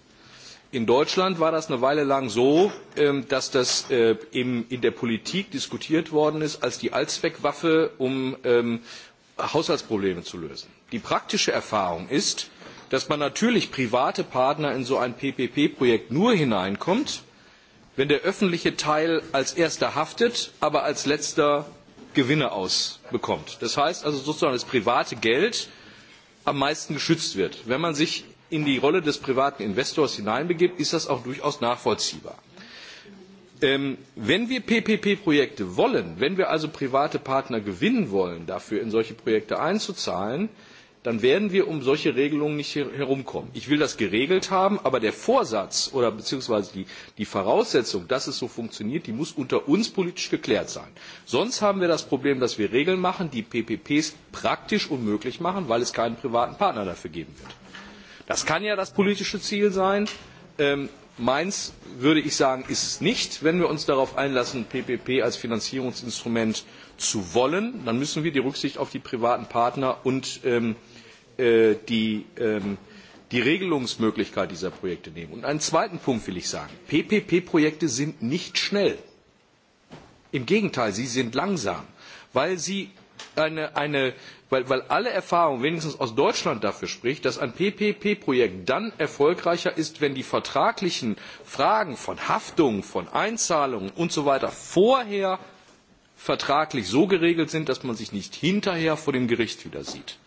In Deutschland war das eine Weile lang so, ähm, dass das äh, in der Politik diskutiert worden ist als die Allzweckwaffe, um ähm, Haushaltsprobleme zu lösen. Die praktische Erfahrung ist, dass man natürlich private Partner in so ein PPP-Projekt nur hineinkommt, wenn der öffentliche Teil als erster haftet, aber als letzter Gewinne ausbekommt. Das heißt also sozusagen, dass das private Geld am meisten geschützt wird. Wenn man sich in die Rolle des privaten Investors hineinbegibt, ist das auch durchaus nachvollziehbar. Ähm, wenn wir PPP-Projekte wollen, wenn wir also private Partner gewinnen wollen, dafür in solche Projekte einzuzahlen, dann werden wir um solche Regelungen nicht herumkommen. Ich will das geregelt haben, aber der Vorsatz oder beziehungsweise die, die Voraussetzung, dass es so funktioniert, muss unter uns politisch geklärt sein. Sonst haben wir das Problem, dass wir Regeln machen, die PPPs praktisch unmöglich machen, weil es keinen privaten Partner dafür geben wird. Das kann ja das politische Ziel sein. Ähm, meins, würde ich sagen, ist es nicht. Wenn wir uns darauf einlassen, PPP als Finanzierungsinstrument zu wollen, dann müssen wir die Rücksicht auf die privaten Partner und ähm, äh, die, ähm, die Regelungsmöglichkeit dieser Projekte nehmen. Und einen zweiten Punkt will ich sagen. PPP-Projekte sind nicht schnell. Im Gegenteil, sie sind langsam, weil sie eine, eine weil, weil alle Erfahrung wenigstens aus Deutschland dafür spricht, dass ein PPP-Projekt dann erfolgreicher ist, wenn die vertraglichen Fragen von Haftung, von Einzahlungen und so weiter vorher vertraglich so geregelt sind, dass man sich nicht hinterher vor dem Gericht wieder sieht.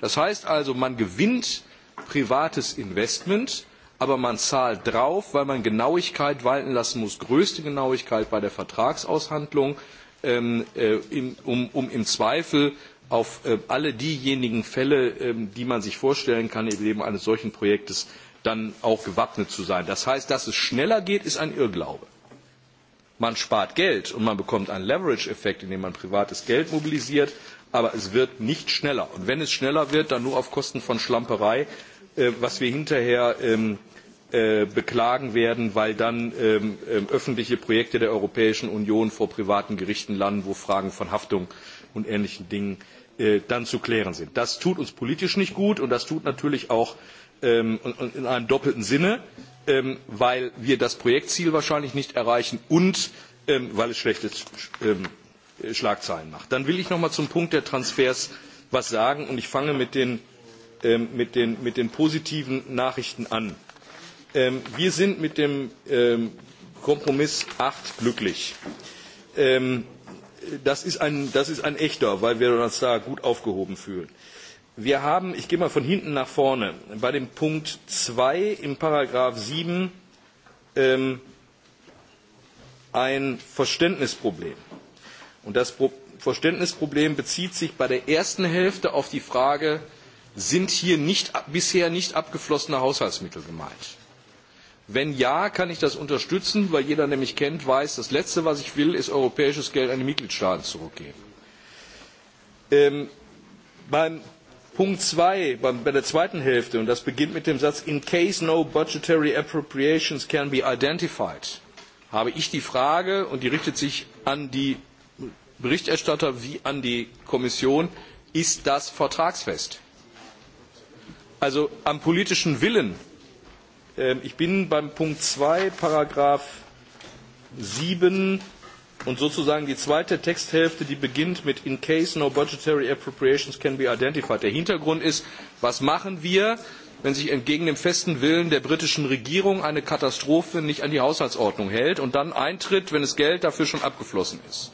Das heißt also, man gewinnt privates Investment, aber man zahlt drauf, weil man Genauigkeit walten lassen muss, größte Genauigkeit bei der Vertragsaushandlung. Ähm, äh, um, um im Zweifel auf äh, alle diejenigen Fälle, ähm, die man sich vorstellen kann im Leben eines solchen Projektes, dann auch gewappnet zu sein. Das heißt, dass es schneller geht, ist ein Irrglaube. Man spart Geld und man bekommt einen Leverage-Effekt, indem man privates Geld mobilisiert, aber es wird nicht schneller. Und wenn es schneller wird, dann nur auf Kosten von Schlamperei, äh, was wir hinterher ähm, Äh, beklagen werden, weil dann ähm, ähm, öffentliche Projekte der Europäischen Union vor privaten Gerichten landen, wo Fragen von Haftung und ähnlichen Dingen äh, dann zu klären sind. Das tut uns politisch nicht gut und das tut natürlich auch ähm, in einem doppelten Sinne, ähm, weil wir das Projektziel wahrscheinlich nicht erreichen und ähm, weil es schlechte ähm, Schlagzeilen macht. Dann will ich noch mal zum Punkt der Transfers etwas sagen und ich fange mit den, mit den, mit den positiven Nachrichten an Ähm, wir sind mit dem ähm, Kompromiss acht glücklich. Ähm, das, ist ein, echter, weil wir uns da gut aufgehoben fühlen. Wir haben, ich gehe mal von hinten nach vorne, bei dem Punkt zwei in ziffer sieben ein Verständnisproblem. Und das Verständnisproblem bezieht sich bei der ersten Hälfte auf die Frage, sind hier nicht, bisher nicht abgeflossene Haushaltsmittel gemeint? Wenn ja, kann ich das unterstützen, weil jeder der mich kennt, weiß, das Letzte, was ich will, ist europäisches Geld an die Mitgliedstaaten zurückgeben. Ähm, beim Punkt zwei, bei der zweiten Hälfte, und das beginnt mit dem Satz, in case no budgetary appropriations can be identified, habe ich die Frage, und die richtet sich an die Berichterstatter wie an die Kommission, ist das vertragsfest? Also am politischen Willen Ähm, ich bin beim Punkt 2, Paragraph 7 und sozusagen die zweite Texthälfte, die beginnt mit In case no budgetary appropriations can be identified. Der Hintergrund ist, was machen wir, wenn sich entgegen dem festen Willen der britischen Regierung eine Katastrophe nicht an die Haushaltsordnung hält und dann eintritt, wenn das Geld dafür schon abgeflossen ist.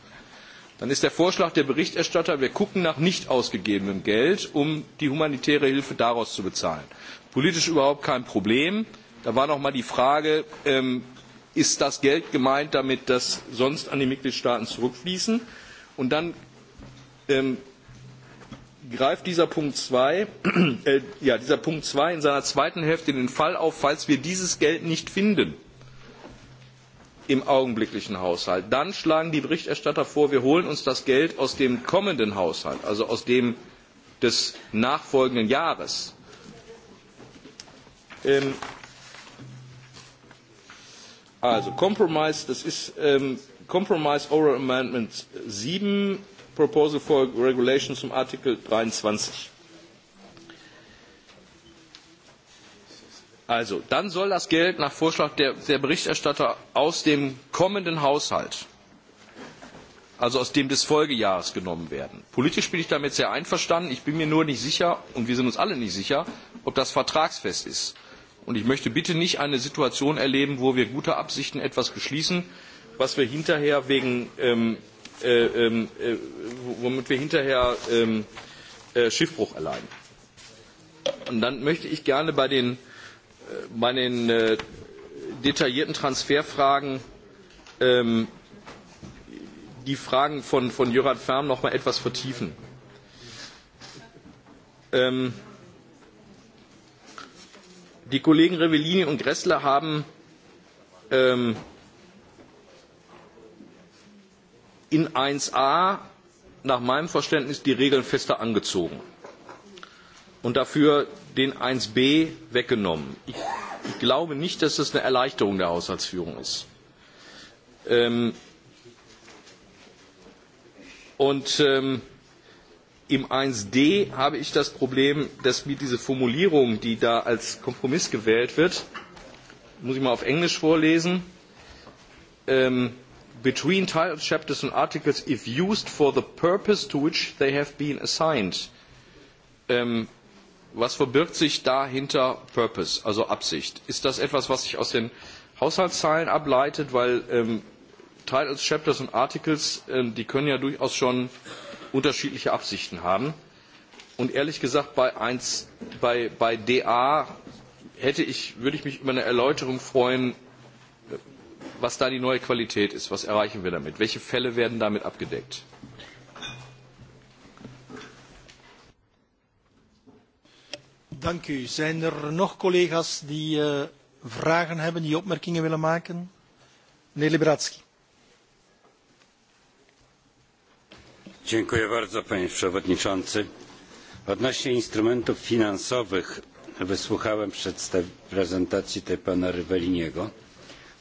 Dann ist der Vorschlag der Berichterstatter, wir gucken nach nicht ausgegebenem Geld, um die humanitäre Hilfe daraus zu bezahlen. Politisch überhaupt kein Problem Da war noch mal die Frage, ähm, ist das Geld gemeint damit, das sonst an die Mitgliedstaaten zurückfließen? Und dann ähm, greift dieser Punkt 2 äh, ja, dieser Punkt 2 in seiner zweiten Hälfte den Fall auf, falls wir dieses Geld nicht finden im augenblicklichen Haushalt. Dann schlagen die Berichterstatter vor, wir holen uns das Geld aus dem kommenden Haushalt, also aus dem des nachfolgenden Jahres. Ähm, Also Compromise, das ist ähm, Compromise Oral Amendment 7, Proposal for Regulation zum Artikel 23. Also, dann soll das Geld nach Vorschlag der, der Berichterstatter aus dem kommenden Haushalt, also aus dem des Folgejahres genommen werden. Politisch bin ich damit sehr einverstanden. Ich bin mir nur nicht sicher, und wir sind uns alle nicht sicher, ob das vertragsfest ist. Und ich möchte bitte nicht eine Situation erleben, wo wir gute Absichten etwas beschließen, was wir hinterher wegen, ähm, äh, ähm, äh, womit wir hinterher ähm, äh, Schiffbruch erleiden. Und dann möchte ich gerne bei den, äh, bei den äh, detaillierten Transferfragen ähm, die Fragen von, von Jöran Färm noch mal etwas vertiefen. Ähm, die kollegen rivellini und gräßle haben ähm, in eins a nach meinem verständnis die regeln fester angezogen und dafür den eins b weggenommen. Ich, ich, glaube nicht dass das eine erleichterung der haushaltsführung ist. Ähm, und ähm, im 1d habe ich das Problem, dass mir diese Formulierung, die da als Kompromiss gewählt wird, muss ich mal auf Englisch vorlesen, ähm, between title chapters and articles if used for the purpose to which they have been assigned. Ähm, was verbirgt sich dahinter Purpose, also Absicht? Ist das etwas, was sich aus den Haushaltszahlen ableitet? Weil ähm, Titles, Chapters und Articles, ähm, die können ja durchaus schon unterschiedliche Absichten haben. Und ehrlich gesagt, bei, 1, bei, bei DA ich, würde ich mich über eine Erläuterung freuen, was da die neue Qualität ist. Was erreichen wir damit? Welche Fälle werden damit abgedeckt? Dank noch Kollegen, er die Fragen eh, haben, die opmerkingen willen maken? Meneer Liberatski. panie przewodniczący! odnośnie do instrumentów finansowych wysłuchałem prezentacji tej pana rivelliniego.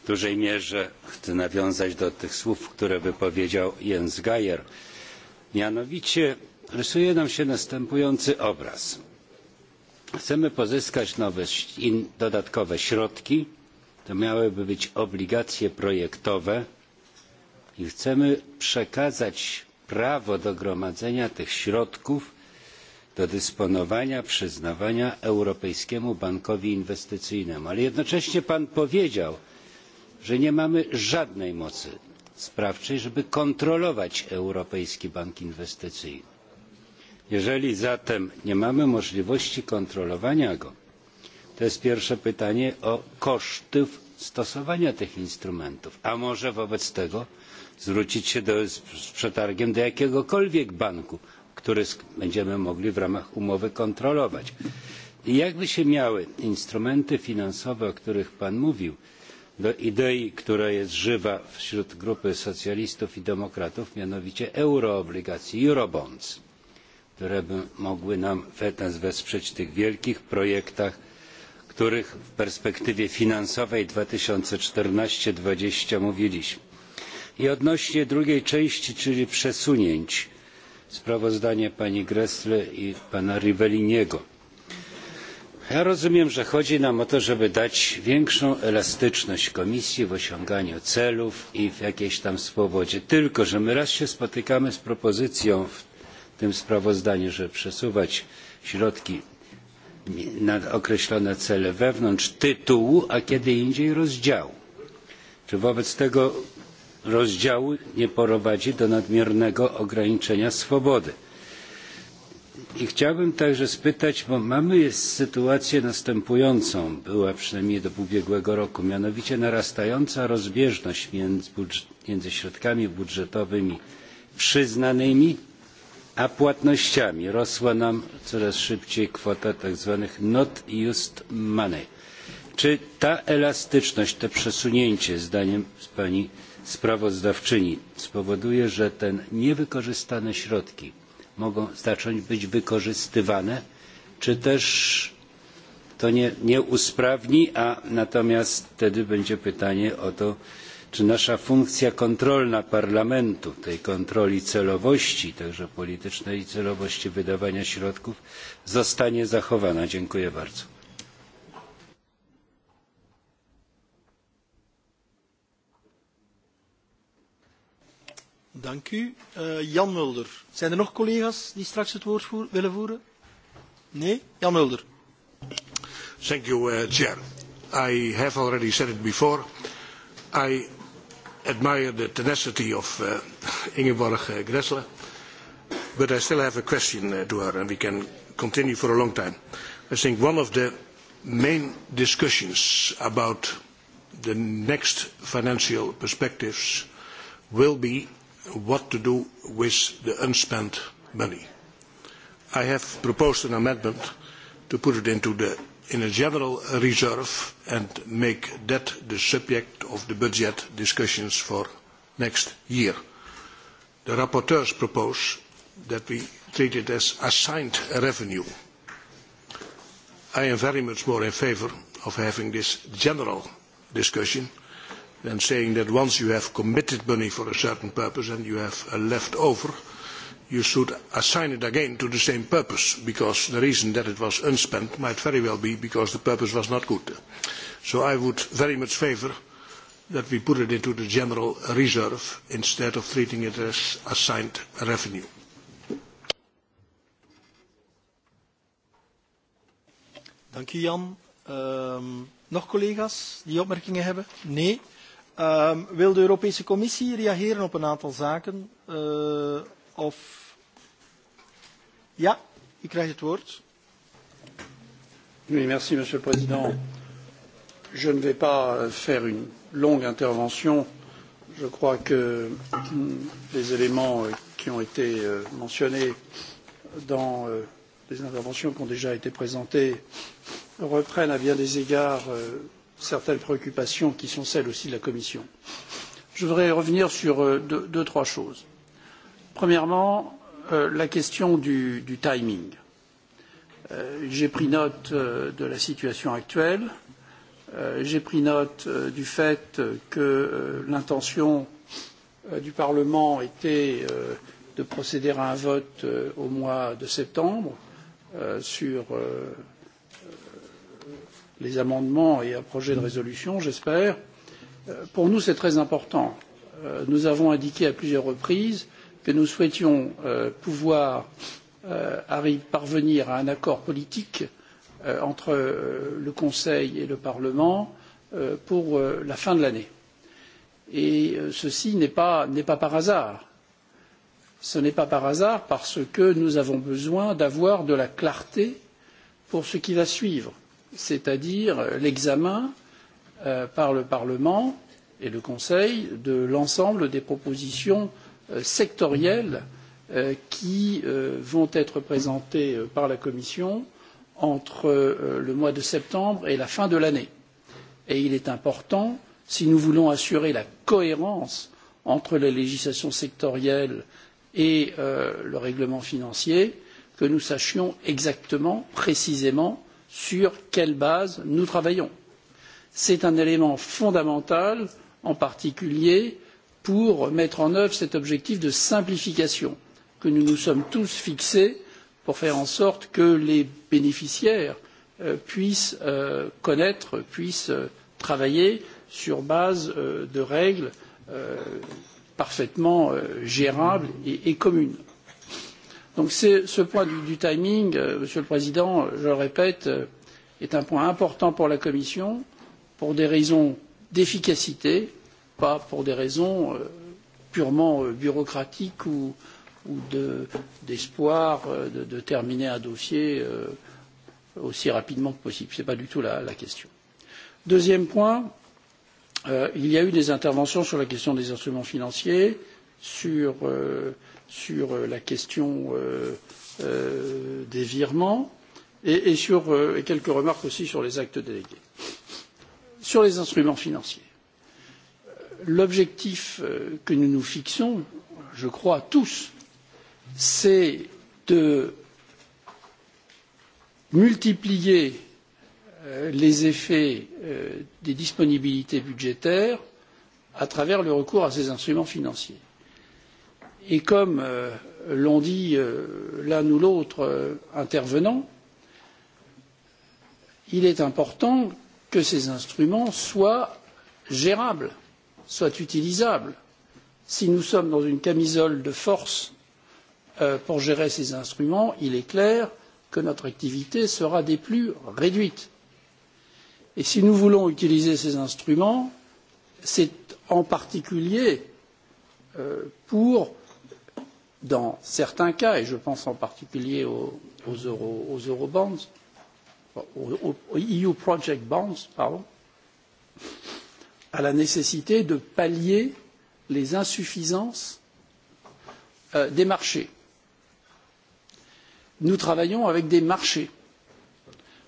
w dużej mierze chcę nawiązać do tych słów które wypowiedział jens geier. mianowicie rysuje nam się następujący obraz chcemy pozyskać nowe dodatkowe środki to miałyby być obligacje projektowe i chcemy przekazać prawo do gromadzenia tych środków do dysponowania przyznawania Europejskiemu Bankowi Inwestycyjnemu. Ale jednocześnie Pan powiedział, że nie mamy żadnej mocy sprawczej, żeby kontrolować Europejski Bank Inwestycyjny. Jeżeli zatem nie mamy możliwości kontrolowania go, to jest pierwsze pytanie o koszty stosowania tych instrumentów. A może wobec tego zwrócić się z przetargiem do jakiegokolwiek banku, który będziemy mogli w ramach umowy kontrolować. jakby się miały instrumenty finansowe, o których Pan mówił, do idei, która jest żywa wśród grupy socjalistów i demokratów, mianowicie euroobligacji, eurobonds, które by mogły nam, nas wesprzeć w tych wielkich projektach, których w perspektywie finansowej dwa tysiące czternaście dwadzieścia mówiliśmy. I odnośnie drugiej części, czyli przesunięć, sprawozdanie pani Gressle i pana Rivelliniego. Ja rozumiem, że chodzi nam o to, żeby dać większą elastyczność komisji w osiąganiu celów i w jakiejś tam swobodzie. Tylko, że my raz się spotykamy z propozycją w tym sprawozdaniu, żeby przesuwać środki na określone cele wewnątrz tytułu, a kiedy indziej rozdziału. Czy wobec tego rozdziału nie prowadzi do nadmiernego ograniczenia swobody. I chciałbym także spytać, bo mamy sytuację następującą, była przynajmniej do ubiegłego roku, mianowicie narastająca rozbieżność między, między środkami budżetowymi przyznanymi a płatnościami. Rosła nam coraz szybciej kwota tzw. not used money. Czy ta elastyczność, to przesunięcie, zdaniem pani sprawozdawczyni spowoduje, że te niewykorzystane środki mogą zacząć być wykorzystywane, czy też to nie, nie usprawni, a natomiast wtedy będzie pytanie o to, czy nasza funkcja kontrolna parlamentu, tej kontroli celowości, także politycznej celowości wydawania środków, zostanie zachowana. Dziękuję bardzo. Dank u. Uh, Jan Mulder. Zijn er nog collega's die straks het woord voer, willen voeren? Nee? Jan Mulder. Thank you, uh, Chair. I have already said it before. I admire the tenacity of uh, Ingeborg uh, Gressler, but I still have a question uh, to her, and we can continue for a long time. I think one of the main discussions about the next financial perspectives will be what to do with the unspent money. I have proposed an amendment to put it into the, in a general reserve and make that the subject of the budget discussions for next year. The rapporteurs propose that we treat it as assigned revenue. I am very much more in favour of having this general discussion and saying that once you have committed money for a certain purpose and you have a uh, left over, you should assign it again to the same purpose because the reason that it was unspent might very well be because the purpose was not good. So I would very much favour that we put it into the general reserve instead of treating it as assigned revenue. Dank u Jan. Um, nog collega's die opmerkingen hebben? Nee. Um, wil de Europese Commissie reageren op een aantal zaken? Uh, of... Ja, u krijgt het woord. Oui, merci, Monsieur le Président. Je ne vais pas euh, faire une longue intervention. Je crois que mm, les éléments euh, qui ont été euh, mentionnés dans les interventions qui ont déjà été présentées reprennent à bien des égards certaines préoccupations qui sont celles aussi de la Commission. Je voudrais revenir sur euh, deux, deux trois choses. Premièrement, euh, la question du, du timing. Euh, J'ai pris note euh, de la situation actuelle. Euh, j'ai pris note euh, du fait que l'intention du Parlement était de procéder à un vote au mois de septembre sur les amendements et un projet de résolution, j'espère. Euh, pour nous, c'est très important. Euh, nous avons indiqué à plusieurs reprises que nous souhaitions euh, pouvoir parvenir à un accord politique entre le Conseil et le Parlement pour la fin de l'année. Et ceci n'est pas, pas, par hasard. Ce n'est pas par hasard parce que nous avons besoin d'avoir de la clarté pour ce qui va suivre c'est-à-dire l'examen euh, par le Parlement et le Conseil de l'ensemble des propositions euh, sectorielles euh, qui euh, vont être présentées euh, par la Commission entre euh, le mois de septembre et la fin de l'année. Et il est important, si nous voulons assurer la cohérence entre la législation sectorielle et le règlement financier, que nous sachions exactement, précisément, sur quelle base nous travaillons. c'est un élément fondamental en particulier pour mettre en œuvre cet objectif de simplification que nous nous sommes tous fixé pour faire en sorte que les bénéficiaires euh, puissent euh, connaître puissent euh, travailler sur base euh, de règles euh, parfaitement euh, gérables et, et communes donc ce point du, du timing euh, monsieur le président euh, je le répète euh, est un point important pour la commission pour des raisons d'efficacité pas pour des raisons euh, purement euh, bureaucratiques ou, ou d'espoir de, euh, de, de, terminer un dossier aussi rapidement que possible. ce n'est pas du tout la, la question. deuxième point il y a eu des interventions sur la question des instruments financiers sur sur euh, la question euh, euh, des virements et, et sur et quelques remarques aussi sur les actes délégués. Sur les instruments financiers, l'objectif que nous nous fixons, je crois tous, c'est de multiplier les effets des disponibilités budgétaires à travers le recours à ces instruments financiers et comme euh, l'ont dit euh, l'un ou l'autre euh, intervenant il est important que ces instruments soient gérables soient utilisables. si nous sommes dans une camisole de force pour gérer ces instruments il est clair que notre activité sera des plus réduite. et si nous voulons utiliser ces instruments c'est en particulier pour dans certains cas, et je pense en particulier aux, aux, euro, aux eurobonds, aux, aux EU project bonds, pardon, à la nécessité de pallier les insuffisances euh, des marchés. Nous travaillons avec des marchés.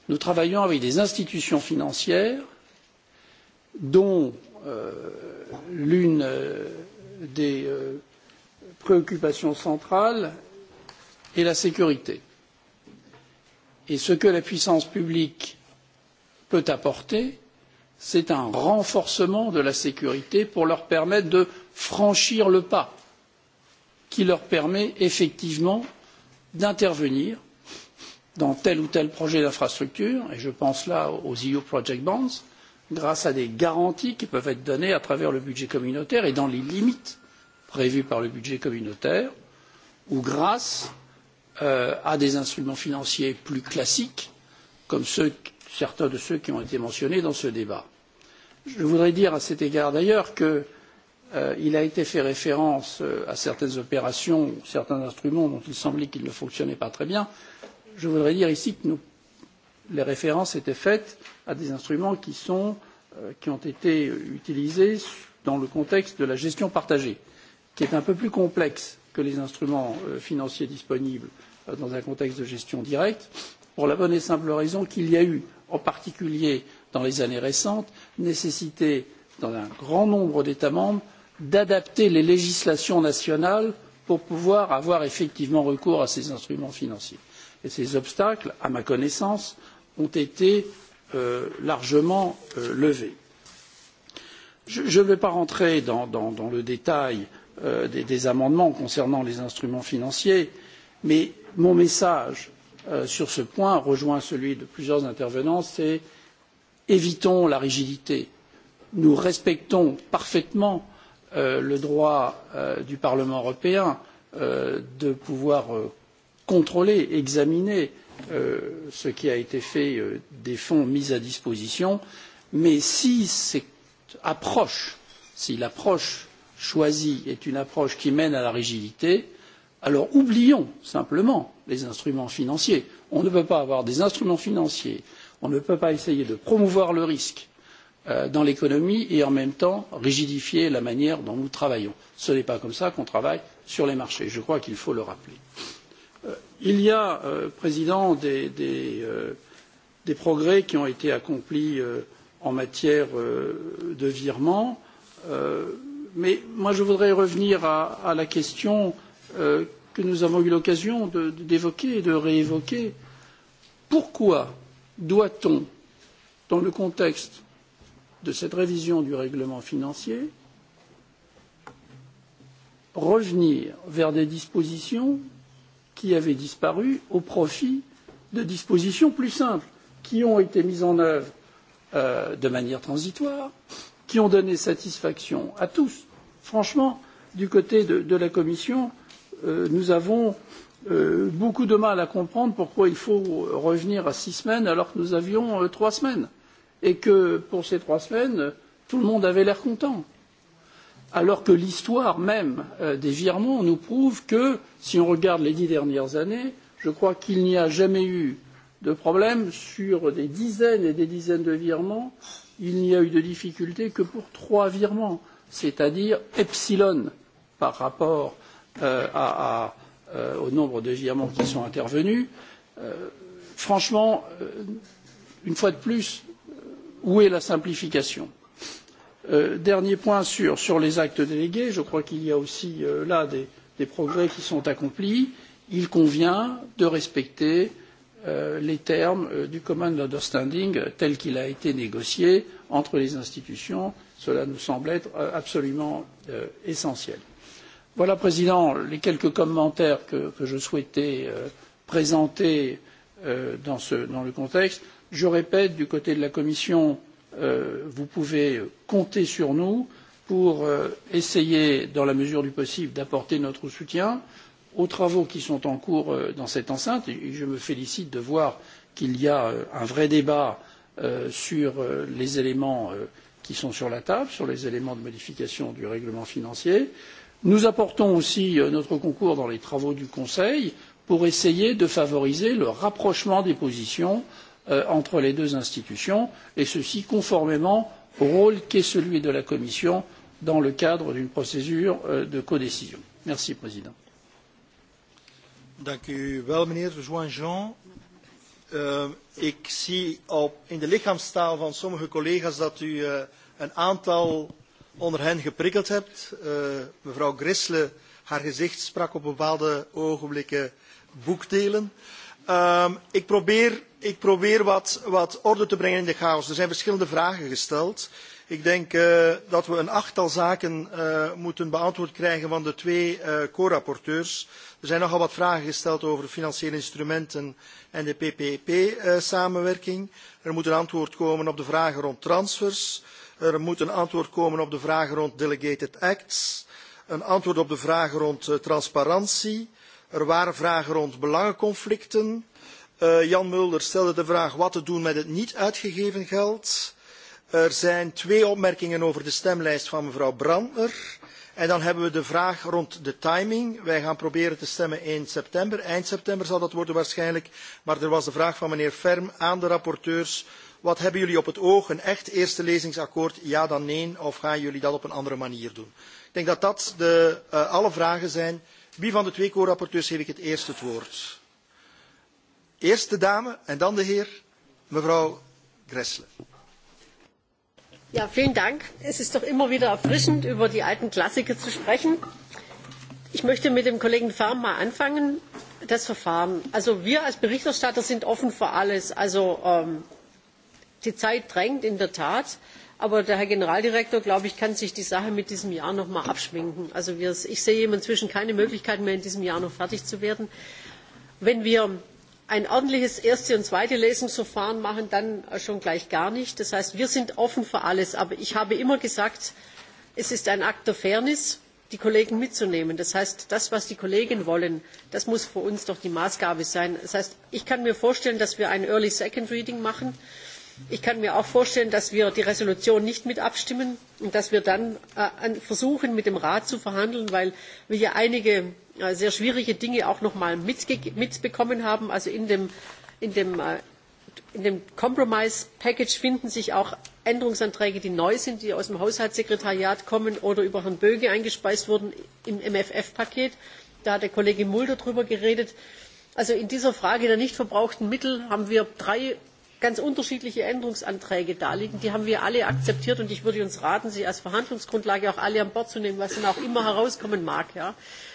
Nous travaillons avec des institutions financières dont euh, l'une euh, des euh, préoccupation centrale est la sécurité. Et ce que la puissance publique peut apporter, c'est un renforcement de la sécurité pour leur permettre de franchir le pas qui leur permet effectivement d'intervenir dans tel ou tel projet d'infrastructure et je pense là aux EU Project Bonds grâce à des garanties qui peuvent être données à travers le budget communautaire et dans les limites prévus par le budget communautaire ou grâce euh, à des instruments financiers plus classiques comme ceux, certains de ceux qui ont été mentionnés dans ce débat. Je voudrais dire à cet égard d'ailleurs qu'il euh, a été fait référence euh, à certaines opérations, certains instruments dont il semblait qu'ils ne fonctionnaient pas très bien. Je voudrais dire ici que nous, les références étaient faites à des instruments qui, sont, euh, qui ont été utilisés dans le contexte de la gestion partagée. Euh, qui est un peu plus complexe que les instruments euh, financiers disponibles euh, dans un contexte de gestion directe, pour la bonne et simple raison qu'il y a eu, en particulier dans les années récentes, nécessité dans un grand nombre d'États membres d'adapter les législations nationales pour pouvoir avoir effectivement recours à ces instruments financiers. Et ces obstacles, à ma connaissance, ont été euh, largement euh, levés. Je ne vais pas rentrer dans, dans, dans le détail euh, des, des, amendements concernant les instruments financiers, mais mon message euh, sur ce point rejoint celui de plusieurs intervenants, c'est évitons la rigidité. Nous respectons parfaitement euh, le droit euh, du Parlement européen euh, de pouvoir euh, contrôler, examiner ce qui a été fait des fonds mis à disposition, mais si cette approche, si l'approche choisie est une approche qui mène à la rigidité, alors oublions simplement les instruments financiers. On ne peut pas avoir des instruments financiers, on ne peut pas essayer de promouvoir le risque euh, dans l'économie et en même temps rigidifier la manière dont nous travaillons. Ce n'est pas comme cela qu'on travaille sur les marchés. Je crois qu'il faut le rappeler. Euh, il y a, euh, Président, des, des, des, progrès qui ont été accomplis en matière de virement. Euh, Mais moi, je voudrais revenir à, à la question euh, que nous avons eu l'occasion d'évoquer et de réévoquer. Pourquoi doit-on, dans le contexte de cette révision du règlement financier, revenir vers des dispositions qui avaient disparu au profit de dispositions plus simples, qui ont été mises en œuvre euh, de manière transitoire, qui ont donné satisfaction à tous franchement, du côté de, de la Commission, euh, nous avons euh, beaucoup de mal à comprendre pourquoi il faut revenir à six semaines alors que nous avions euh, trois semaines et que pour ces trois semaines, tout le monde avait l'air content. Alors que l'histoire même euh, des virements nous prouve que, si on regarde les dix dernières années, je crois qu'il n'y a jamais eu de problème sur des dizaines et des dizaines de virements. Il n'y a eu de difficulté que pour trois virements c'est-à-dire epsilon par rapport euh, à, à, euh, au nombre de virements qui sont intervenus. Euh, franchement, euh, une fois de plus, où est la simplification euh, Dernier point sur, sur, les actes délégués, je crois qu'il y a aussi euh, là des, des, progrès qui sont accomplis. Il convient de respecter les termes du common understanding tel qu'il a été négocié entre les institutions Cela nous semble être euh, absolument euh, essentiel. Voilà, Président, les quelques commentaires que, que je souhaitais euh, présenter euh, dans, ce, dans, le contexte. Je répète, du côté de la Commission, euh, vous pouvez compter sur nous pour euh, essayer, dans la mesure du possible, d'apporter notre soutien aux travaux qui sont en cours dans cette enceinte. Et je me félicite de voir qu'il y a un vrai débat sur les éléments qui sont sur la table sur les éléments de modification du règlement financier. Nous apportons aussi euh, notre concours dans les travaux du Conseil pour essayer de favoriser le rapprochement des positions euh, entre les deux institutions, et ceci conformément au rôle qu'est celui de la Commission dans le cadre d'une procédure euh, de codécision. Merci, Président. Uh, ik zie op, in de lichaamstaal van sommige collega's dat u uh, een aantal onder hen geprikkeld hebt. Uh, mevrouw Grisle, haar gezicht sprak op bepaalde ogenblikken boekdelen. Ehm, ik probeer, ik, probeer, wat, wat orde te brengen in de chaos. Er zijn verschillende vragen gesteld. Uh, Ik denk uh, dat we een achttal zaken uh, moeten beantwoord krijgen van de twee uh, co-rapporteurs. Er zijn nogal wat vragen gesteld over financiële instrumenten en de PPP-samenwerking. er moet een antwoord komen op de vragen rond transfers. Er moet een antwoord komen op de vragen rond delegated acts. Een antwoord op de vragen rond transparantie. Er waren vragen rond belangenconflicten. Jan Mulder stelde de vraag wat te doen met het niet uitgegeven geld. Er zijn twee opmerkingen over de stemlijst van mevrouw Brandner. En dan hebben we de vraag rond de timing. Wij gaan proberen te stemmen in september. Eind september zal dat worden waarschijnlijk. Maar er was de vraag van meneer Ferm aan de rapporteurs. Wat hebben jullie op het oog? Een echt eerste lezingsakkoord? Ja dan nee? Of gaan jullie dat op een andere manier doen? Ik denk dat dat de, uh, alle vragen zijn. Wie van de twee co-rapporteurs geef ik het eerst het woord? Eerst de dame en dan de heer, mevrouw Gressle. Ja, vielen Dank. Es ist doch immer wieder erfrischend, über die alten Klassiker zu sprechen. Ich möchte mit dem Kollegen Farm mal anfangen. Das Verfahren. Also wir als Berichterstatter sind offen für alles. Also ähm, die Zeit drängt in der Tat. Aber der Herr Generaldirektor, glaube ich, kann sich die Sache mit diesem Jahr noch mal abschminken. Also wir, ich sehe inzwischen keine Möglichkeit mehr, in diesem Jahr noch fertig zu werden. Wenn wir ein ordentliches erste und zweite lesungsverfahren machen dann schon gleich gar nicht. das heißt wir sind offen für alles. aber ich habe immer gesagt es ist ein akt der fairness die kollegen mitzunehmen. das heißt das was die kollegen wollen das muss für uns doch die maßgabe sein. das heißt ich kann mir vorstellen dass wir ein early second reading machen. ich kann mir auch vorstellen dass wir die entschließung nicht mit abstimmen und dass wir dann äh, versuchen mit dem rat zu verhandeln weil wir ja einige Äh, sehr schwierige Dinge auch noch mal mitbekommen haben. Also in dem, in äh, in dem Compromise Package finden sich auch Änderungsanträge, die neu sind, die aus dem Haushaltssekretariat kommen oder über Herrn Böge eingespeist wurden im MFF-Paket. Da hat der Kollege Mulder darüber geredet. Also in dieser Frage der nicht verbrauchten Mittel haben wir drei ganz unterschiedliche Änderungsanträge darliegen. Die haben wir alle akzeptiert und ich würde uns raten, sie als Verhandlungsgrundlage auch alle an Bord zu nehmen, was dann auch immer herauskommen mag.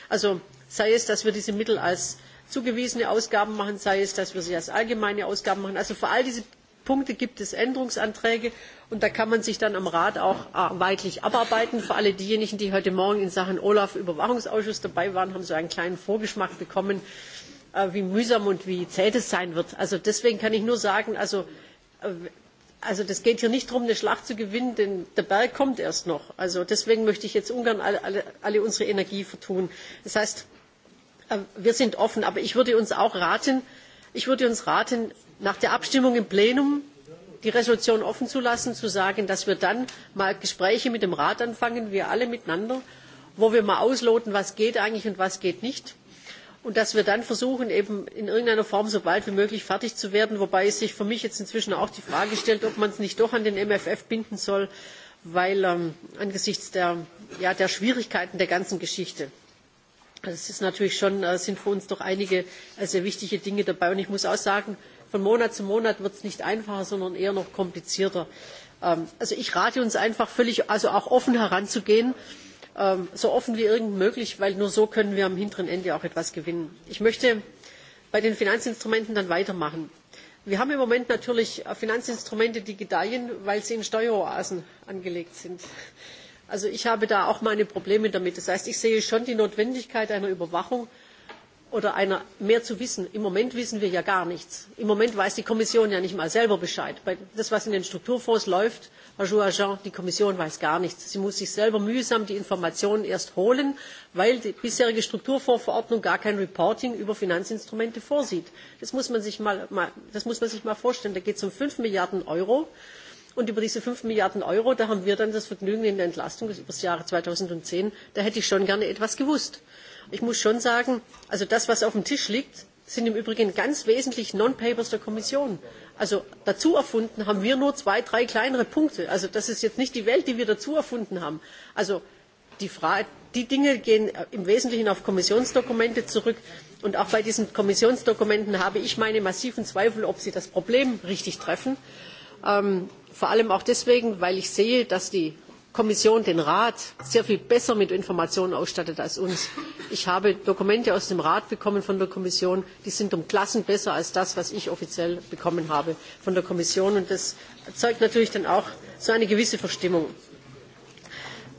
Also sei es, dass wir diese Mittel als zugewiesene Ausgaben machen, sei es, dass wir sie als allgemeine Ausgaben machen. Also für all diese Punkte gibt es Änderungsanträge und da kann man sich dann am Rat auch ah, weitlich abarbeiten. Für alle diejenigen, die heute Morgen in Sachen Olaf Überwachungsausschuss dabei waren, haben sie einen kleinen Vorgeschmack bekommen Äh, wie mühsam und wie zäh das sein wird. Also deswegen kann ich nur sagen, also, äh, geht hier nicht darum, eine Schlacht zu gewinnen, denn der Berg kommt erst noch. Also deswegen möchte ich jetzt Ungarn alle, unsere Energie vertun. Das heißt, äh, wir sind offen, aber ich würde uns auch raten, ich würde uns raten, nach der Abstimmung im Plenum die Entschließung offen zu lassen, zu sagen, dass wir dann mal Gespräche mit dem Rat anfangen, wir alle miteinander, wo wir mal ausloten, was geht eigentlich und was geht nicht und dass wir dann versuchen, eben in irgendeiner Form so bald wie möglich fertig zu werden, wobei sich für mich jetzt inzwischen auch die Frage stellt, ob man es nicht doch an den MFF binden soll, weil ähm, angesichts der, ja, der Schwierigkeiten der ganzen Geschichte. Das ist natürlich schon, äh, sind für uns doch einige äh, sehr wichtige Dinge dabei. Und ich muss auch sagen, von Monat zu Monat wird es nicht einfacher, sondern eher noch komplizierter. Ähm, also ich rate uns einfach völlig, also auch offen heranzugehen. Ähm, so offen wie irgend möglich weil nur so können wir am hinteren ende auch etwas gewinnen. ich möchte bei den finanzinstrumenten dann weitermachen. wir haben im moment natürlich finanzinstrumente die gedeihen weil sie in steueroasen angelegt sind. also ich habe da auch meine probleme damit. das heißt ich sehe schon die notwendigkeit einer überwachung oder einer mehr zu wissen. Im Moment wissen wir ja gar nichts. Im Moment weiß die Kommission ja nicht mal selber Bescheid. Bei das, was in den Strukturfonds läuft, Herr Jouagin, die Kommission weiß gar nichts. Sie muss sich selber mühsam die Informationen erst holen, weil die bisherige Strukturfondsverordnung gar kein Reporting über Finanzinstrumente vorsieht. Das muss man sich mal, mal, das muss man sich mal vorstellen. Da geht es um fünf Milliarden Euro. Und über diese fünf Milliarden Euro, da haben wir dann das Vergnügen in der Entlastung über das Jahr 2010, da hätte ich schon gerne etwas gewusst ich muss schon sagen, also das, was auf dem Tisch liegt, sind im Übrigen ganz wesentlich Non-Papers der Kommission. Also dazu erfunden haben wir nur zwei, drei kleinere Punkte. Also das ist jetzt nicht die Welt, die wir dazu erfunden haben. Also die, Frage, die Dinge gehen äh, im Wesentlichen auf Kommissionsdokumente zurück. Und auch bei diesen Kommissionsdokumenten habe ich meine massiven Zweifel, ob sie das Problem richtig treffen. Ähm, vor allem auch deswegen, weil ich sehe, dass die kommission den rat sehr viel besser mit informationen ausstattet als uns. ich habe dokumente aus dem rat bekommen von der kommission die sind um klassen besser als das was ich offiziell bekommen habe von der kommission und das erzeugt natürlich dann auch so eine gewisse verstimmung.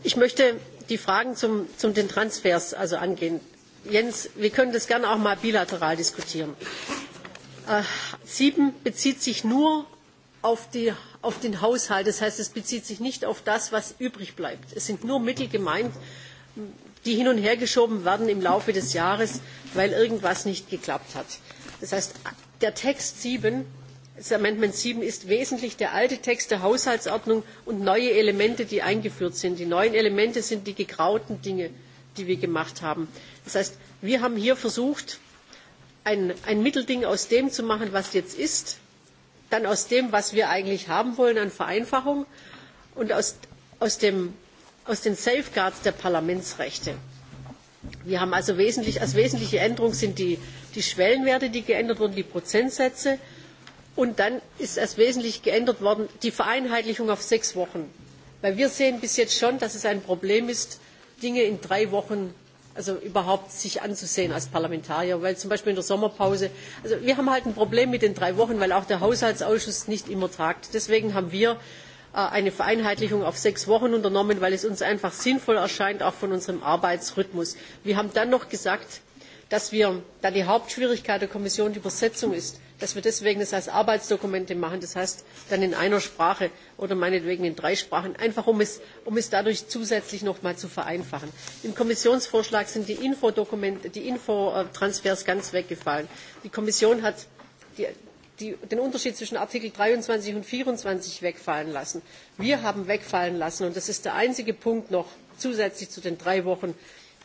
ich möchte die fragen zu den transfers also angehen. jens wir können das gerne auch mal bilateral diskutieren. Äh, sieben bezieht sich nur auf die auf den Haushalt. Das heißt, es bezieht sich nicht auf das, was übrig bleibt. Es sind nur Mittel gemeint, die hin und her geschoben werden im Laufe des Jahres, weil irgendwas nicht geklappt hat. Das heißt, der Text 7, das Amendment 7 ist wesentlich der alte Text der Haushaltsordnung und neue Elemente, die eingeführt sind. Die neuen Elemente sind die gegrauten Dinge, die wir gemacht haben. Das heißt, wir haben hier versucht, ein, ein Mittelding aus dem zu machen, was jetzt ist, dann aus dem, was wir eigentlich haben wollen an Vereinfachung und aus, aus, dem, aus den Safeguards der Parlamentsrechte. Wir haben also wesentlich, als wesentliche Änderung sind die, die Schwellenwerte, die geändert wurden, die Prozentsätze. Und dann ist als wesentlich geändert worden die Vereinheitlichung auf sechs Wochen. Weil wir sehen bis jetzt schon, dass es ein Problem ist, Dinge in drei Wochen also überhaupt sich anzusehen als Parlamentarier, weil zum Beispiel in der Sommerpause, also wir haben halt ein Problem mit den drei Wochen, weil auch der Haushaltsausschuss nicht immer tagt. Deswegen haben wir äh, eine Vereinheitlichung auf sechs Wochen unternommen, weil es uns einfach sinnvoll erscheint, auch von unserem Arbeitsrhythmus. Wir haben dann noch gesagt, dass wir, da die Hauptschwierigkeit der Kommission die Übersetzung ist, dass wir deswegen das als Arbeitsdokumente machen, das heißt dann in einer Sprache oder meinetwegen in drei Sprachen, einfach um es, um dadurch zusätzlich noch einmal zu vereinfachen. Im Kommissionsvorschlag sind die Infotransfers ganz weggefallen. Die Kommission hat den Unterschied zwischen Artikel dreiundzwanzig und vierundzwanzig wegfallen lassen. Wir haben wegfallen lassen und das ist der einzige Punkt noch zusätzlich zu den drei Wochen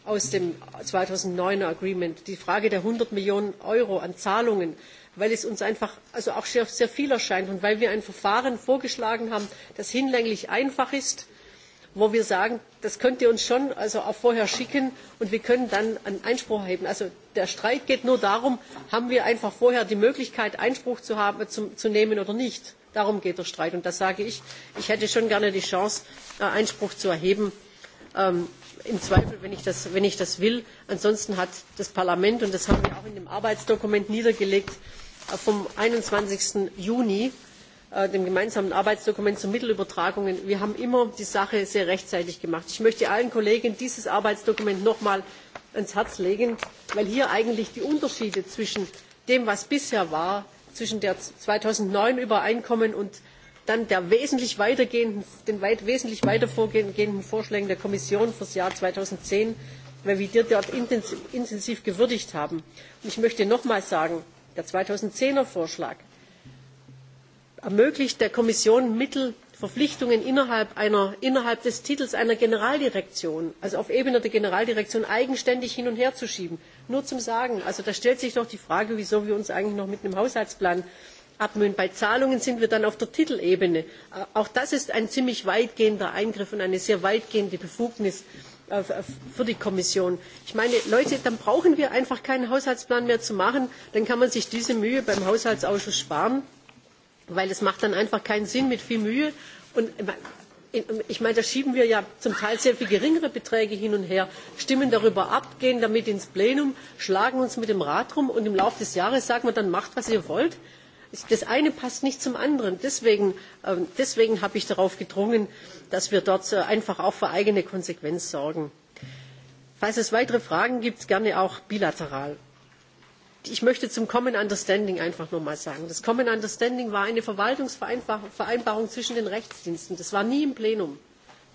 aus dem 2009er Agreement, die Frage der 100 Millionen Euro an Zahlungen, weil es uns einfach also auch sehr, sehr viel erscheint und weil wir ein Verfahren vorgeschlagen haben, das hinlänglich einfach ist, wo wir sagen, das könnt ihr uns schon also auch vorher schicken und wir können dann einen Einspruch erheben. Also der Streit geht nur darum, haben wir einfach vorher die Möglichkeit, Einspruch zu, haben, zu, zu nehmen oder nicht. Darum geht der Streit. Und das sage ich. Ich hätte schon gerne die Chance, Einspruch zu erheben. Ähm, im Zweifel, wenn ich, das, will. Ansonsten hat das Parlament, und das haben wir auch in dem Arbeitsdokument niedergelegt, äh, vom einundzwanzig. Juni, äh, dem gemeinsamen Arbeitsdokument zu Mittelübertragungen, wir haben immer die Sache sehr rechtzeitig gemacht. Ich möchte allen Kollegen dieses Arbeitsdokument noch einmal ans Herz legen, weil hier eigentlich die Unterschiede zwischen dem, was bisher war, zwischen dem zweitausendneun Übereinkommen dann den wesentlich weiter vorgehenden Vorschlägen der Kommission für das Jahr zweitausendzehn weil wir die dort intensiv, gewürdigt haben. ich möchte nochmals sagen, der zweitausendzehn er Vorschlag ermöglicht der Kommission Mittel, Verpflichtungen innerhalb, des Titels einer Generaldirektion, also auf Ebene der Generaldirektion, eigenständig hin und her zu schieben. Nur zum Sagen, also da stellt sich doch die Frage, wieso wir uns eigentlich noch mit einem Haushaltsplan abmühen. bei zahlungen sind wir dann auf der titelebene. Äh, auch das ist ein ziemlich weitgehender eingriff und eine sehr weitgehende befugnis äh, für die kommission. ich meine leute dann brauchen wir einfach keinen haushaltsplan mehr zu machen dann kann man sich diese mühe beim haushaltsausschuss sparen weil es macht dann einfach keinen sinn mit viel mühe und äh, ähm, ich meine da schieben wir ja zum teil sehr viel geringere beträge hin und her stimmen darüber ab gehen damit ins plenum schlagen uns mit dem rat herum und im laufe des jahres sagen wir dann macht was ihr wollt das eine passt nicht zum anderen. Deswegen, ähm, deswegen habe ich darauf gedrungen, dass wir dort äh, einfach auch für eigene Konsequenz sorgen. Falls es weitere Fragen gibt, gerne auch bilateral. Ich möchte zum Common Understanding einfach noch sagen. Das Common Understanding war eine Verwaltungsvereinbarung zwischen den Rechtsdiensten. Das war nie im Plenum.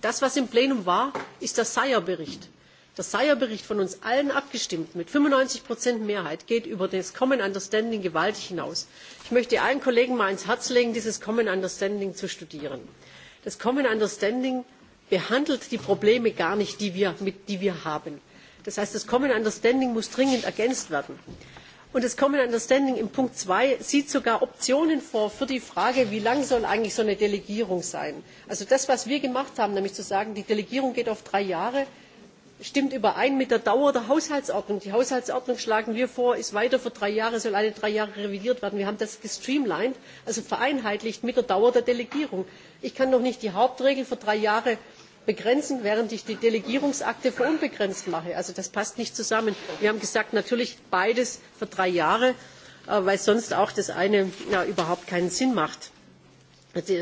Das, was im Plenum war, ist der Seyer-Bericht. Der Seyer-Bericht von uns allen abgestimmt mit 95 Mehrheit geht über das Common Understanding gewaltig hinaus ich möchte allen kollegen mal ans herz legen dieses common understanding zu studieren. das common understanding behandelt die probleme gar nicht die wir, die wir haben. das heißt das common understanding muss dringend ergänzt werden. Und das Common Understanding in Punkt zwei sieht sogar Optionen vor für die Frage, wie lang soll eigentlich so eine Delegierung sein. Also das, was wir gemacht haben, nämlich zu sagen, die Delegierung geht auf drei Jahre, stimmt überein mit der Dauer der Haushaltsordnung. Die Haushaltsordnung schlagen wir vor, ist weiter für drei Jahre, soll alle drei Jahre revidiert werden. Wir haben das gestreamlined, also vereinheitlicht mit der Dauer der Delegierung. Ich kann doch nicht die Hauptregel für drei Jahre begrenzen, während ich die Delegierungsakte für unbegrenzt mache. Also das passt nicht zusammen. Wir haben gesagt, natürlich beides für drei Jahre, äh, weil sonst auch das eine überhaupt keinen Sinn macht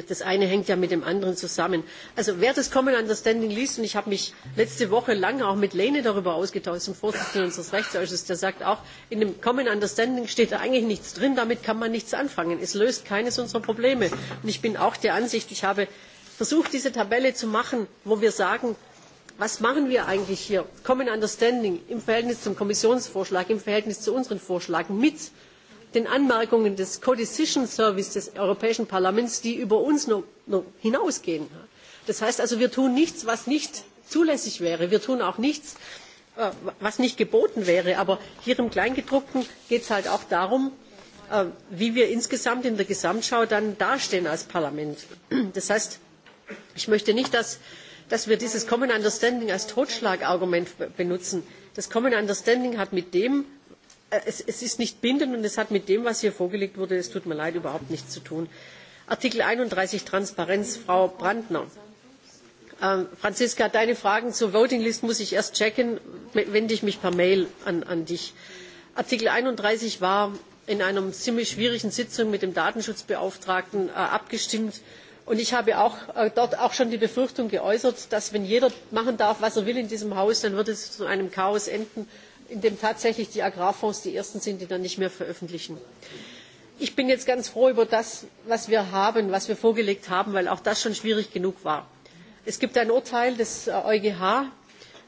Das eine hängt ja mit dem anderen zusammen. Also wer das Common Understanding liest, und ich habe mich letzte Woche lang auch mit Lene darüber ausgetauscht, dem Vorsitzenden unseres Rechtsausschusses, der sagt auch, in dem Common Understanding steht eigentlich nichts drin, damit kann man nichts anfangen. Es löst keines unserer Probleme. Und ich bin auch der Ansicht, ich habe versucht, diese Tabelle zu machen, wo wir sagen, was machen wir eigentlich hier? Common Understanding im Verhältnis zum Kommissionsvorschlag, im Verhältnis zu unseren Vorschlägen mit den anmerkungen des co decision service des europäischen parlaments die über uns hinausgehen. das heißt also wir tun nichts was nicht zulässig wäre wir tun auch nichts äh, was nicht geboten wäre. aber hier im kleingedruckten geht es halt auch darum äh, wie wir insgesamt in der gesamtschau dann dastehen als parlament. das heißt ich möchte nicht dass, dass wir dieses common understanding als totschlagargument benutzen. das common understanding hat mit dem Äh, es, ist nicht bindend und es hat mit dem, was hier vorgelegt wurde, es tut mir leid, überhaupt nichts zu tun. Artikel einunddreißig Transparenz, Frau Brandner. Ähm, Franziska, deine Fragen zur Voting List muss ich erst checken, wende ich mich per Mail an, an dich. Artikel einunddreißig war in einer ziemlich schwierigen Sitzung mit dem Datenschutzbeauftragten äh, abgestimmt. Und ich habe auch, äh, dort auch schon die Befürchtung geäußert, dass wenn jeder machen darf, was er will in diesem Haus, dann wird es zu einem Chaos enden in dem tatsächlich die agrarfonds die ersten sind die dann nicht mehr veröffentlichen. ich bin jetzt ganz froh über das was wir haben was wir vorgelegt haben weil auch das schon schwierig genug war. es gibt ein urteil des äh, eugh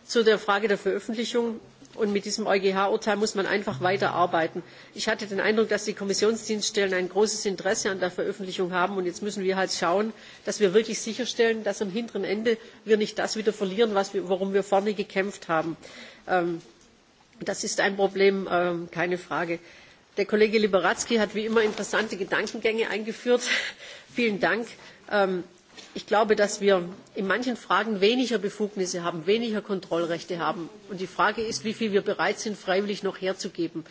zu der frage der veröffentlichung und mit diesem eugh urteil muss man einfach weiterarbeiten. ich hatte den eindruck dass die kommissionsdienststellen ein großes interesse an der veröffentlichung haben und jetzt müssen wir halt schauen dass wir wirklich sicherstellen dass wir am hinteren ende nicht das wieder verlieren worum wir vorne gekämpft haben. Ähm, das ist ein Problem, ähm, keine Frage. Der Kollege Liberadzki hat wie immer interessante Gedankengänge eingeführt. Vielen Dank. Ähm, ich glaube, dass wir in manchen Fragen weniger Befugnisse haben, weniger Kontrollrechte haben. Und die Frage ist, wie viel wir bereit sind, freiwillig noch herzugeben.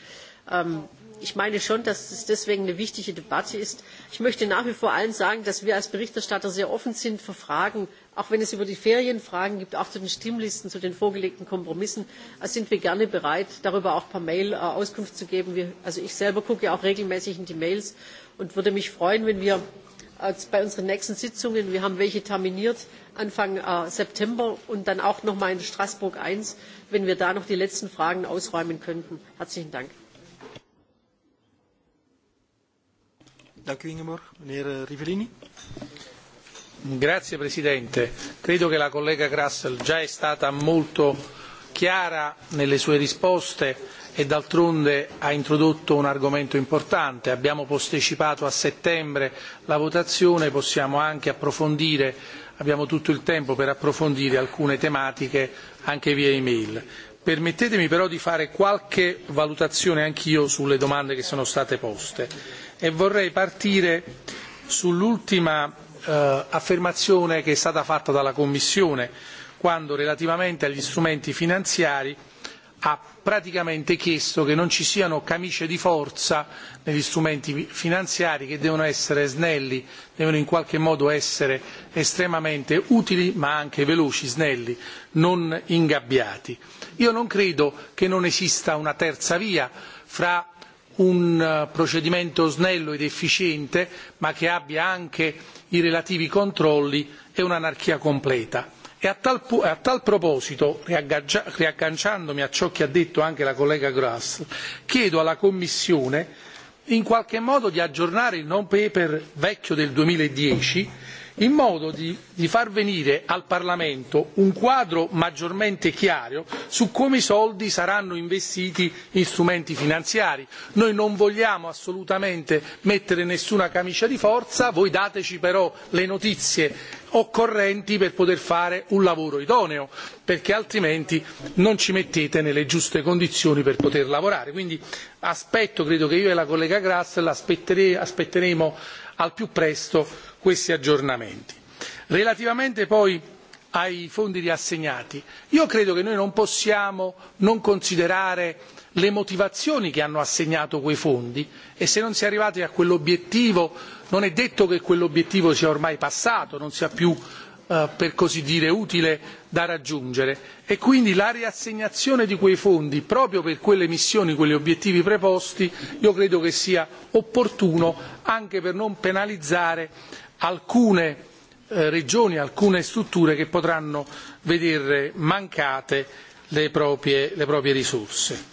Ähm, ich meine schon, dass es deswegen eine wichtige Debatte ist. Ich möchte nach wie vor allen sagen, dass wir als Berichterstatter sehr offen sind für Fragen auch wenn es über die ferien fragen gibt auch zu den stimmlisten zu den vorgelegten kompromissen äh, sind wir gerne bereit darüber auch per mail äh, auskunft zu geben. also ich selber gucke auch regelmäßig in die mails und würde mich freuen wenn wir äh, bei unseren nächsten sitzungen wir haben welche terminiert anfang september und dann auch noch mal in straßburg i wenn wir da noch die letzten fragen ausräumen könnten. herzlichen dank! Grazie Presidente, credo che la collega Grassel già è stata molto chiara nelle sue risposte e d'altronde ha introdotto un argomento importante. Abbiamo posticipato a settembre la votazione, possiamo anche approfondire, abbiamo tutto il tempo per approfondire alcune tematiche anche via email. Permettetemi però di fare qualche valutazione anch'io sulle domande che sono state poste e vorrei partire sull'ultima Eh, affermazione che è stata fatta dalla Commissione quando relativamente agli strumenti finanziari ha praticamente chiesto che non ci siano camicie di forza negli strumenti finanziari che devono essere snelli, devono in qualche modo essere estremamente utili ma anche veloci, snelli, non ingabbiati. Io non credo che non esista una terza via fra un eh, procedimento snello ed efficiente ma che abbia anche i relativi controlli e un'anarchia completa. E a tal, a tal proposito, riagganciandomi a ciò che ha detto anche la collega Grass, chiedo alla Commissione in qualche modo di aggiornare il non paper vecchio del duemiladieci in modo di, far venire al Parlamento un quadro maggiormente chiaro su come i soldi saranno investiti in strumenti finanziari. Noi non vogliamo assolutamente mettere nessuna camicia di forza, voi dateci però le notizie occorrenti per poter fare un lavoro idoneo, perché altrimenti non ci mettete nelle giuste condizioni per poter lavorare. Quindi aspetto, credo che io e la collega Grassel aspetteremo al più presto questi aggiornamenti. relativamente poi ai fondi riassegnati io credo che noi non possiamo non considerare le motivazioni che hanno assegnato quei fondi e se non si è arrivati a quell'obiettivo non è detto che quell'obiettivo sia ormai passato non sia più eh, per così dire utile da raggiungere e quindi la riassegnazione di quei fondi proprio per quelle missioni quegli obiettivi preposti io credo che sia opportuno anche per non penalizzare alcune eh, regioni alcune strutture che potranno vedere mancate le proprie, le proprie risorse.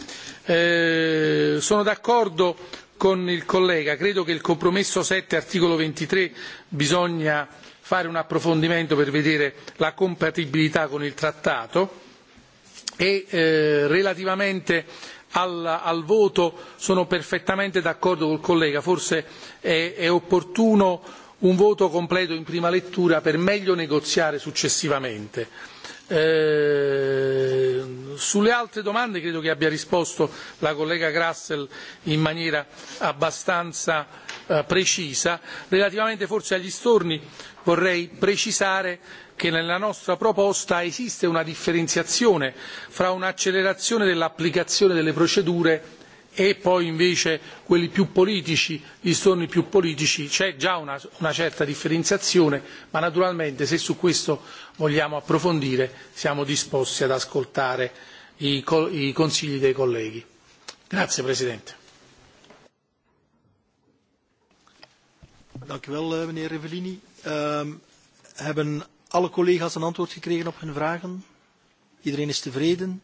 Eh, sono d'accordo con il collega credo che il compromesso sette articolo ventitré bisogna fare un approfondimento per vedere la compatibilità con il trattato e eh, relativamente al, al voto sono perfettamente d'accordo col collega forse è, è opportuno un voto completo in prima lettura per meglio negoziare successivamente. Eh, sulle altre domande credo che abbia risposto la collega Grassel in maniera abbastanza eh, precisa. Relativamente forse agli storni vorrei precisare che nella nostra proposta esiste una differenziazione fra un'accelerazione dell'applicazione delle procedure e poi invece quelli più politici, gli storni più politici, c'è già una, una certa differenziazione, ma naturalmente se su questo vogliamo approfondire siamo disposti ad ascoltare i, i consigli dei colleghi. Grazie Presidente. Dank u wel, eh, meneer Rivellini. Um, hebben alle collega's een antwoord gekregen op hun vragen? Iedereen is tevreden?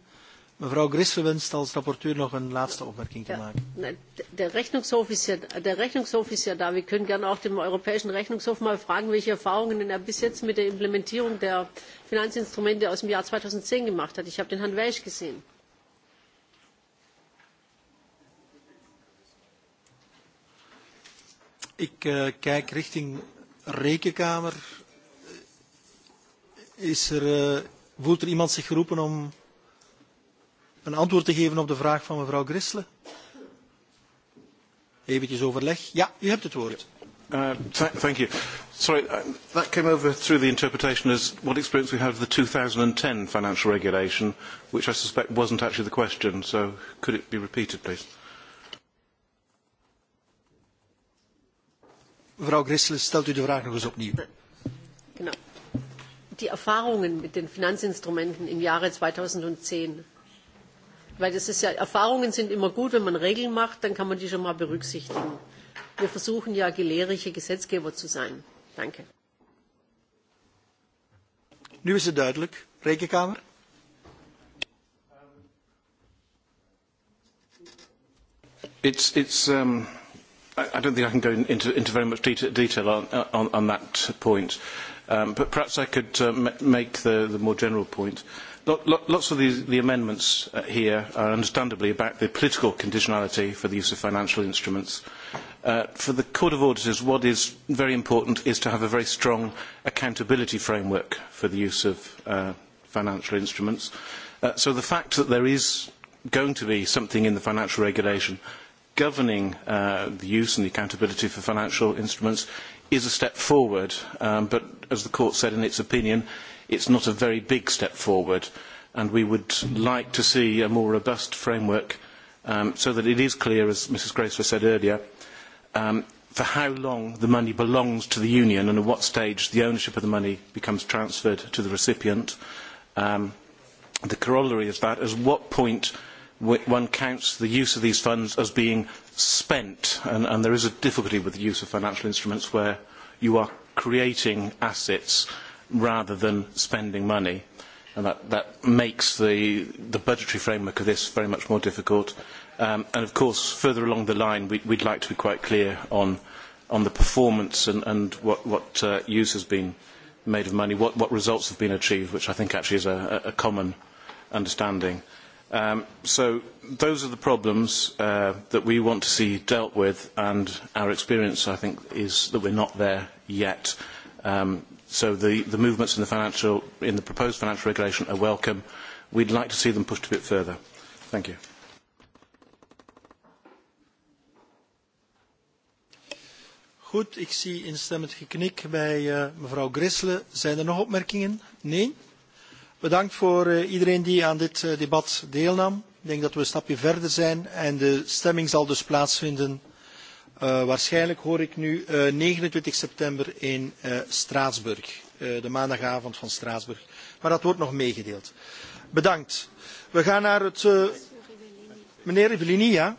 Mevrouw Grissel wenst als rapporteur nog een laatste opmerking te maken. Ja, er der, Rechnungshof ist ja, der Rechnungshof ist ja da. Wir können gerne auch dem Europäischen Rechnungshof mal fragen, welche Erfahrungen er bis jetzt mit der Implementierung der Finanzinstrumente aus dem Jahr 2010 gemacht hat. Ich habe den Herrn Welsch gesehen. Ik uh, kijk richting Rekenkamer. Is er, uh, voelt er iemand zich geroepen om een antwoord te geven op de vraag van mevrouw Grissle? Eventjes overleg. Ja, u hebt het woord. Uh, thank you. Sorry, uh, that came over through the interpretation as what experience we had of the 2010 financial regulation, which I suspect wasn't actually the question, so could it be repeated, please? Mevrouw Grissel, stelt u de vraag nog eens opnieuw. Genau. Die Erfahrungen mit den Finanzinstrumenten im Jahre 2010 Weil das ist ja, Erfahrungen sind immer gut, wenn man Regeln macht, dann kann man die schon mal berücksichtigen. Wir versuchen ja, gelehrische Gesetzgeber zu sein. Danke. Nu is het duidelijk. Rekenkamer. It's, it's, um, I, don't think I can go into, into very much detail on, on, on that point, um, but perhaps I could uh, make the, the more general point. Uh, lots of these, the amendments uh, here are understandably about the political conditionality for the use of financial instruments. Uh, for the Court of Auditors, what is very important is to have a very strong accountability framework for the use of uh, financial instruments. Uh, so the fact that there is going to be something in the financial regulation governing uh, the use and the accountability for financial instruments is a step forward, um, but as the Court said in its opinion, it is not a very big step forward, and we would like to see a more robust framework um, so that it is clear, as Mrs Grace said earlier, um, for how long the money belongs to the union and at what stage the ownership of the money becomes transferred to the recipient. Um, the corollary is that at what point one counts the use of these funds as being spent, and, and there is a difficulty with the use of financial instruments where you are creating assets rather than spending money. And that, that makes the, the budgetary framework of this very much more difficult. Um, and of course, further along the line, we, we'd like to be quite clear on, on the performance and, and what, what uh, use has been made of money, what, what results have been achieved, which I think actually is a, a common understanding. Um, so those are the problems uh, that we want to see dealt with, and our experience, I think, is that we are not there yet. Um, so the, the movements in the, financial, in the proposed financial regulation are welcome. We'd like to see them pushed a bit further. Thank you. Goed, ik zie instemmend geknik bij uh, mevrouw Grisselen. Zijn er nog opmerkingen? Nee? Bedankt voor uh, iedereen die aan dit uh, debat deelnam. Ik denk dat we een stapje verder zijn en de stemming zal dus plaatsvinden Eh, waarschijnlijk hoor ik nu eh, negenentwintig september in eh, Straatsburg, de maandagavond van Straatsburg. Maar dat wordt nog meegedeeld. Bedankt. We gaan naar het... Meneer Rivellini, ja?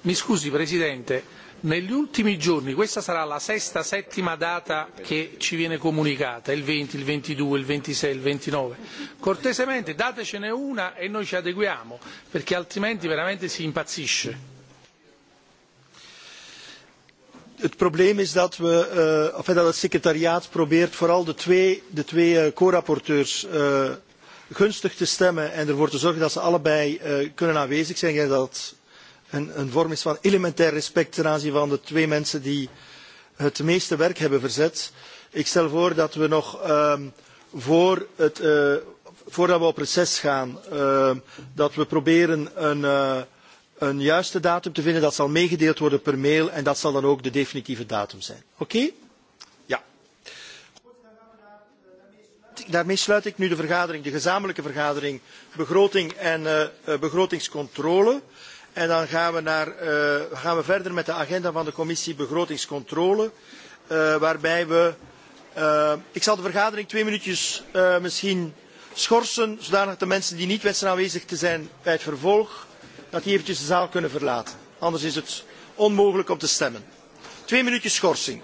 Mi scusi, Presidente. Negli ultimi giorni, questa sarà la sesta, settima data che ci viene comunicata, il venti, il ventidue, il ventisei, il ventinove. Cortesemente datecene una e noi ci adeguiamo, perché altrimenti veramente si impazzisce het probleem is dat, we, uh, dat het secretariaat probeert vooral de twee, de twee eh, co-rapporteurs uh, gunstig te stemmen en ervoor te zorgen dat ze allebei uh, kunnen aanwezig zijn. En dat dat een, een vorm is van elementair respect ten aanzien van de twee mensen die het meeste werk hebben verzet. Ik stel voor dat we nog ehm, voor het, voordat we op reces gaan, ehm, dat we proberen een een juiste datum te vinden. Dat zal meegedeeld worden per mail en dat zal dan ook de definitieve datum zijn. Oké? Okay? Ja. Daarmee sluit ik nu de vergadering, de gezamenlijke vergadering begroting en uh, begrotingscontrole. En dan gaan we, naar, uh, gaan we verder met de agenda van de commissie begrotingscontrole, uh, waarbij we... Uh, ik zal de vergadering twee minuutjes uh, misschien schorsen, zodanig dat de mensen die niet wensen aanwezig te zijn bij het vervolg dat die eventjes de zaal kunnen verlaten. Anders is het onmogelijk om te stemmen. Twee minuutjes schorsing.